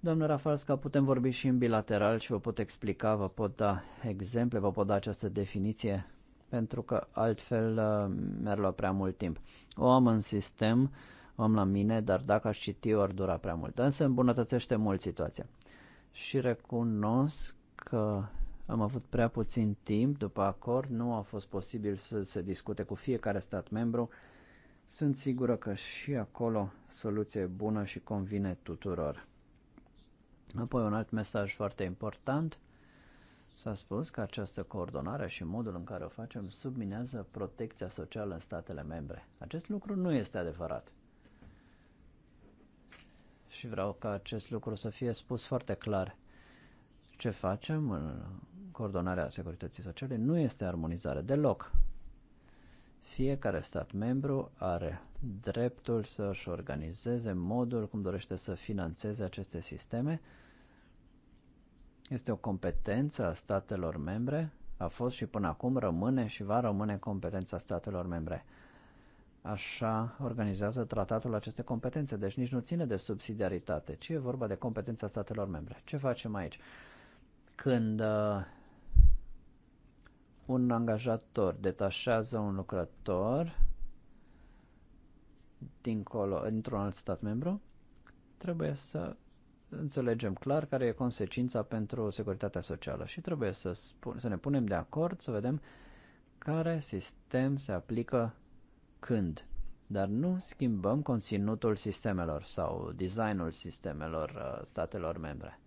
Doamnă Rafalska, putem vorbi și în bilateral și vă pot explica, vă pot da exemple, vă pot da această definiție, pentru că altfel uh, mi-ar lua prea mult timp. O am în sistem, o am la mine, dar dacă aș citi, ar dura prea mult. Însă îmbunătățește mult situația. Și recunosc că am avut prea puțin timp după acord, nu a fost posibil să se discute cu fiecare stat membru, sunt sigură că și acolo soluția e bună și convine tuturor. Apoi un alt mesaj foarte important. S-a spus că această coordonare și modul în care o facem subminează protecția socială în statele membre. Acest lucru nu este adevărat. Și vreau ca acest lucru să fie spus foarte clar. Ce facem în coordonarea securității sociale nu este armonizare deloc. Fiecare stat membru are dreptul să își organizeze modul cum dorește să financeze aceste sisteme. Este o competență a statelor membre, a fost și până acum rămâne și va rămâne competența statelor membre. Așa organizează tratatul aceste competențe, deci nici nu ține de subsidiaritate, ci e vorba de competența statelor membre. Ce facem aici? Când uh, un angajator detașează un lucrător dincolo, într-un alt stat membru, trebuie să înțelegem clar care e consecința pentru securitatea socială și trebuie să, spun, să ne punem de acord să vedem care sistem se aplică când. Dar nu schimbăm conținutul sistemelor sau designul sistemelor uh, statelor membre.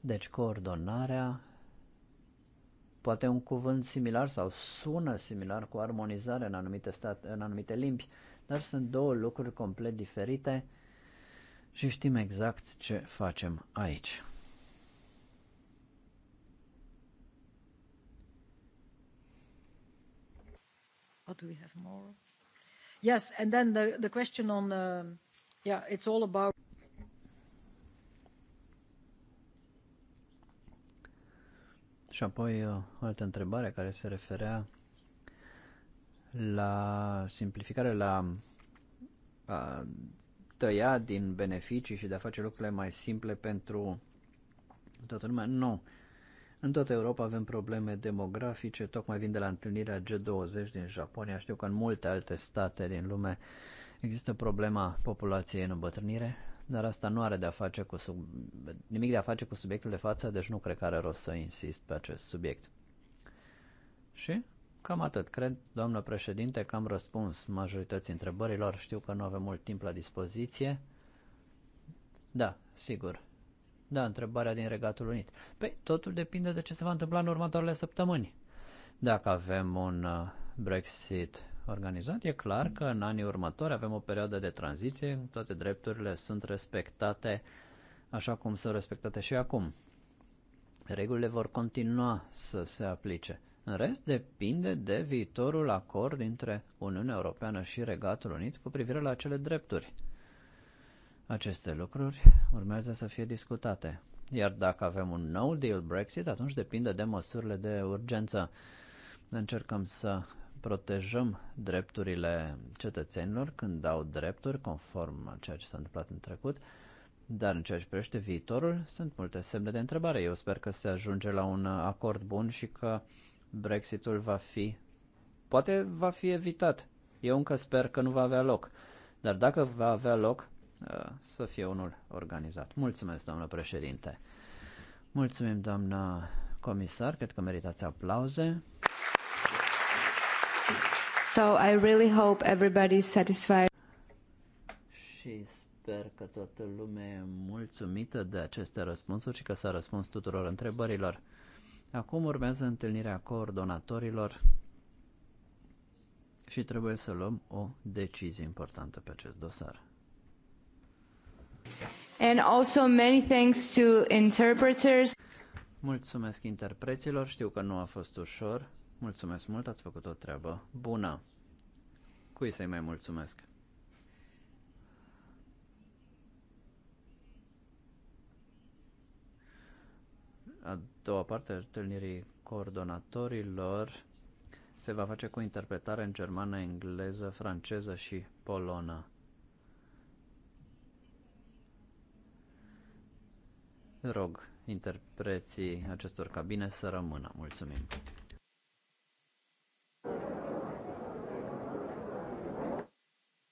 Deci coordonarea Poate un cuvânt similar sau sună similar cu armonizare în anumite, stat, în anumite limbi, dar sunt două lucruri complet diferite și știm exact ce facem aici. What do we have more? Yes, and then the, the question on, uh, yeah, it's all about Și apoi uh, o altă întrebare care se referea la simplificare, la a uh, tăia din beneficii și de a face lucrurile mai simple pentru toată lumea. Nu. În toată Europa avem probleme demografice. Tocmai vin de la întâlnirea G20 din Japonia. Știu că în multe alte state din lume există problema populației în îmbătrânire dar asta nu are de-a face cu sub... nimic de a face cu subiectul de față, deci nu cred că are rost să insist pe acest subiect. Și cam atât. Cred, doamnă președinte, că am răspuns majorității întrebărilor. Știu că nu avem mult timp la dispoziție. Da, sigur. Da, întrebarea din Regatul Unit. Păi, totul depinde de ce se va întâmpla în următoarele săptămâni. Dacă avem un uh, Brexit organizat, e clar că în anii următori avem o perioadă de tranziție, toate drepturile sunt respectate așa cum sunt respectate și acum. Regulile vor continua să se aplice. În rest, depinde de viitorul acord dintre Uniunea Europeană și Regatul Unit cu privire la acele drepturi. Aceste lucruri urmează să fie discutate. Iar dacă avem un nou deal Brexit, atunci depinde de măsurile de urgență. Încercăm să protejăm drepturile cetățenilor când au drepturi conform a ceea ce s-a întâmplat în trecut, dar în ceea ce privește viitorul sunt multe semne de întrebare. Eu sper că se ajunge la un acord bun și că Brexitul va fi, poate va fi evitat. Eu încă sper că nu va avea loc, dar dacă va avea loc, uh, să fie unul organizat. Mulțumesc, doamnă președinte. Mulțumim, doamna comisar, cred că meritați aplauze. So I really hope everybody is satisfied. Și sper că toată lumea e mulțumită de aceste răspunsuri și că s-a răspuns tuturor întrebărilor. Acum urmează întâlnirea coordonatorilor și trebuie să luăm o decizie importantă pe acest dosar. And also many thanks to interpreters. Mulțumesc interpreților, știu că nu a fost ușor. Mulțumesc mult, ați făcut o treabă bună. Cui să-i mai mulțumesc? A doua parte a întâlnirii coordonatorilor se va face cu interpretare în germană, engleză, franceză și polonă. Rog interpreții acestor cabine să rămână. Mulțumim!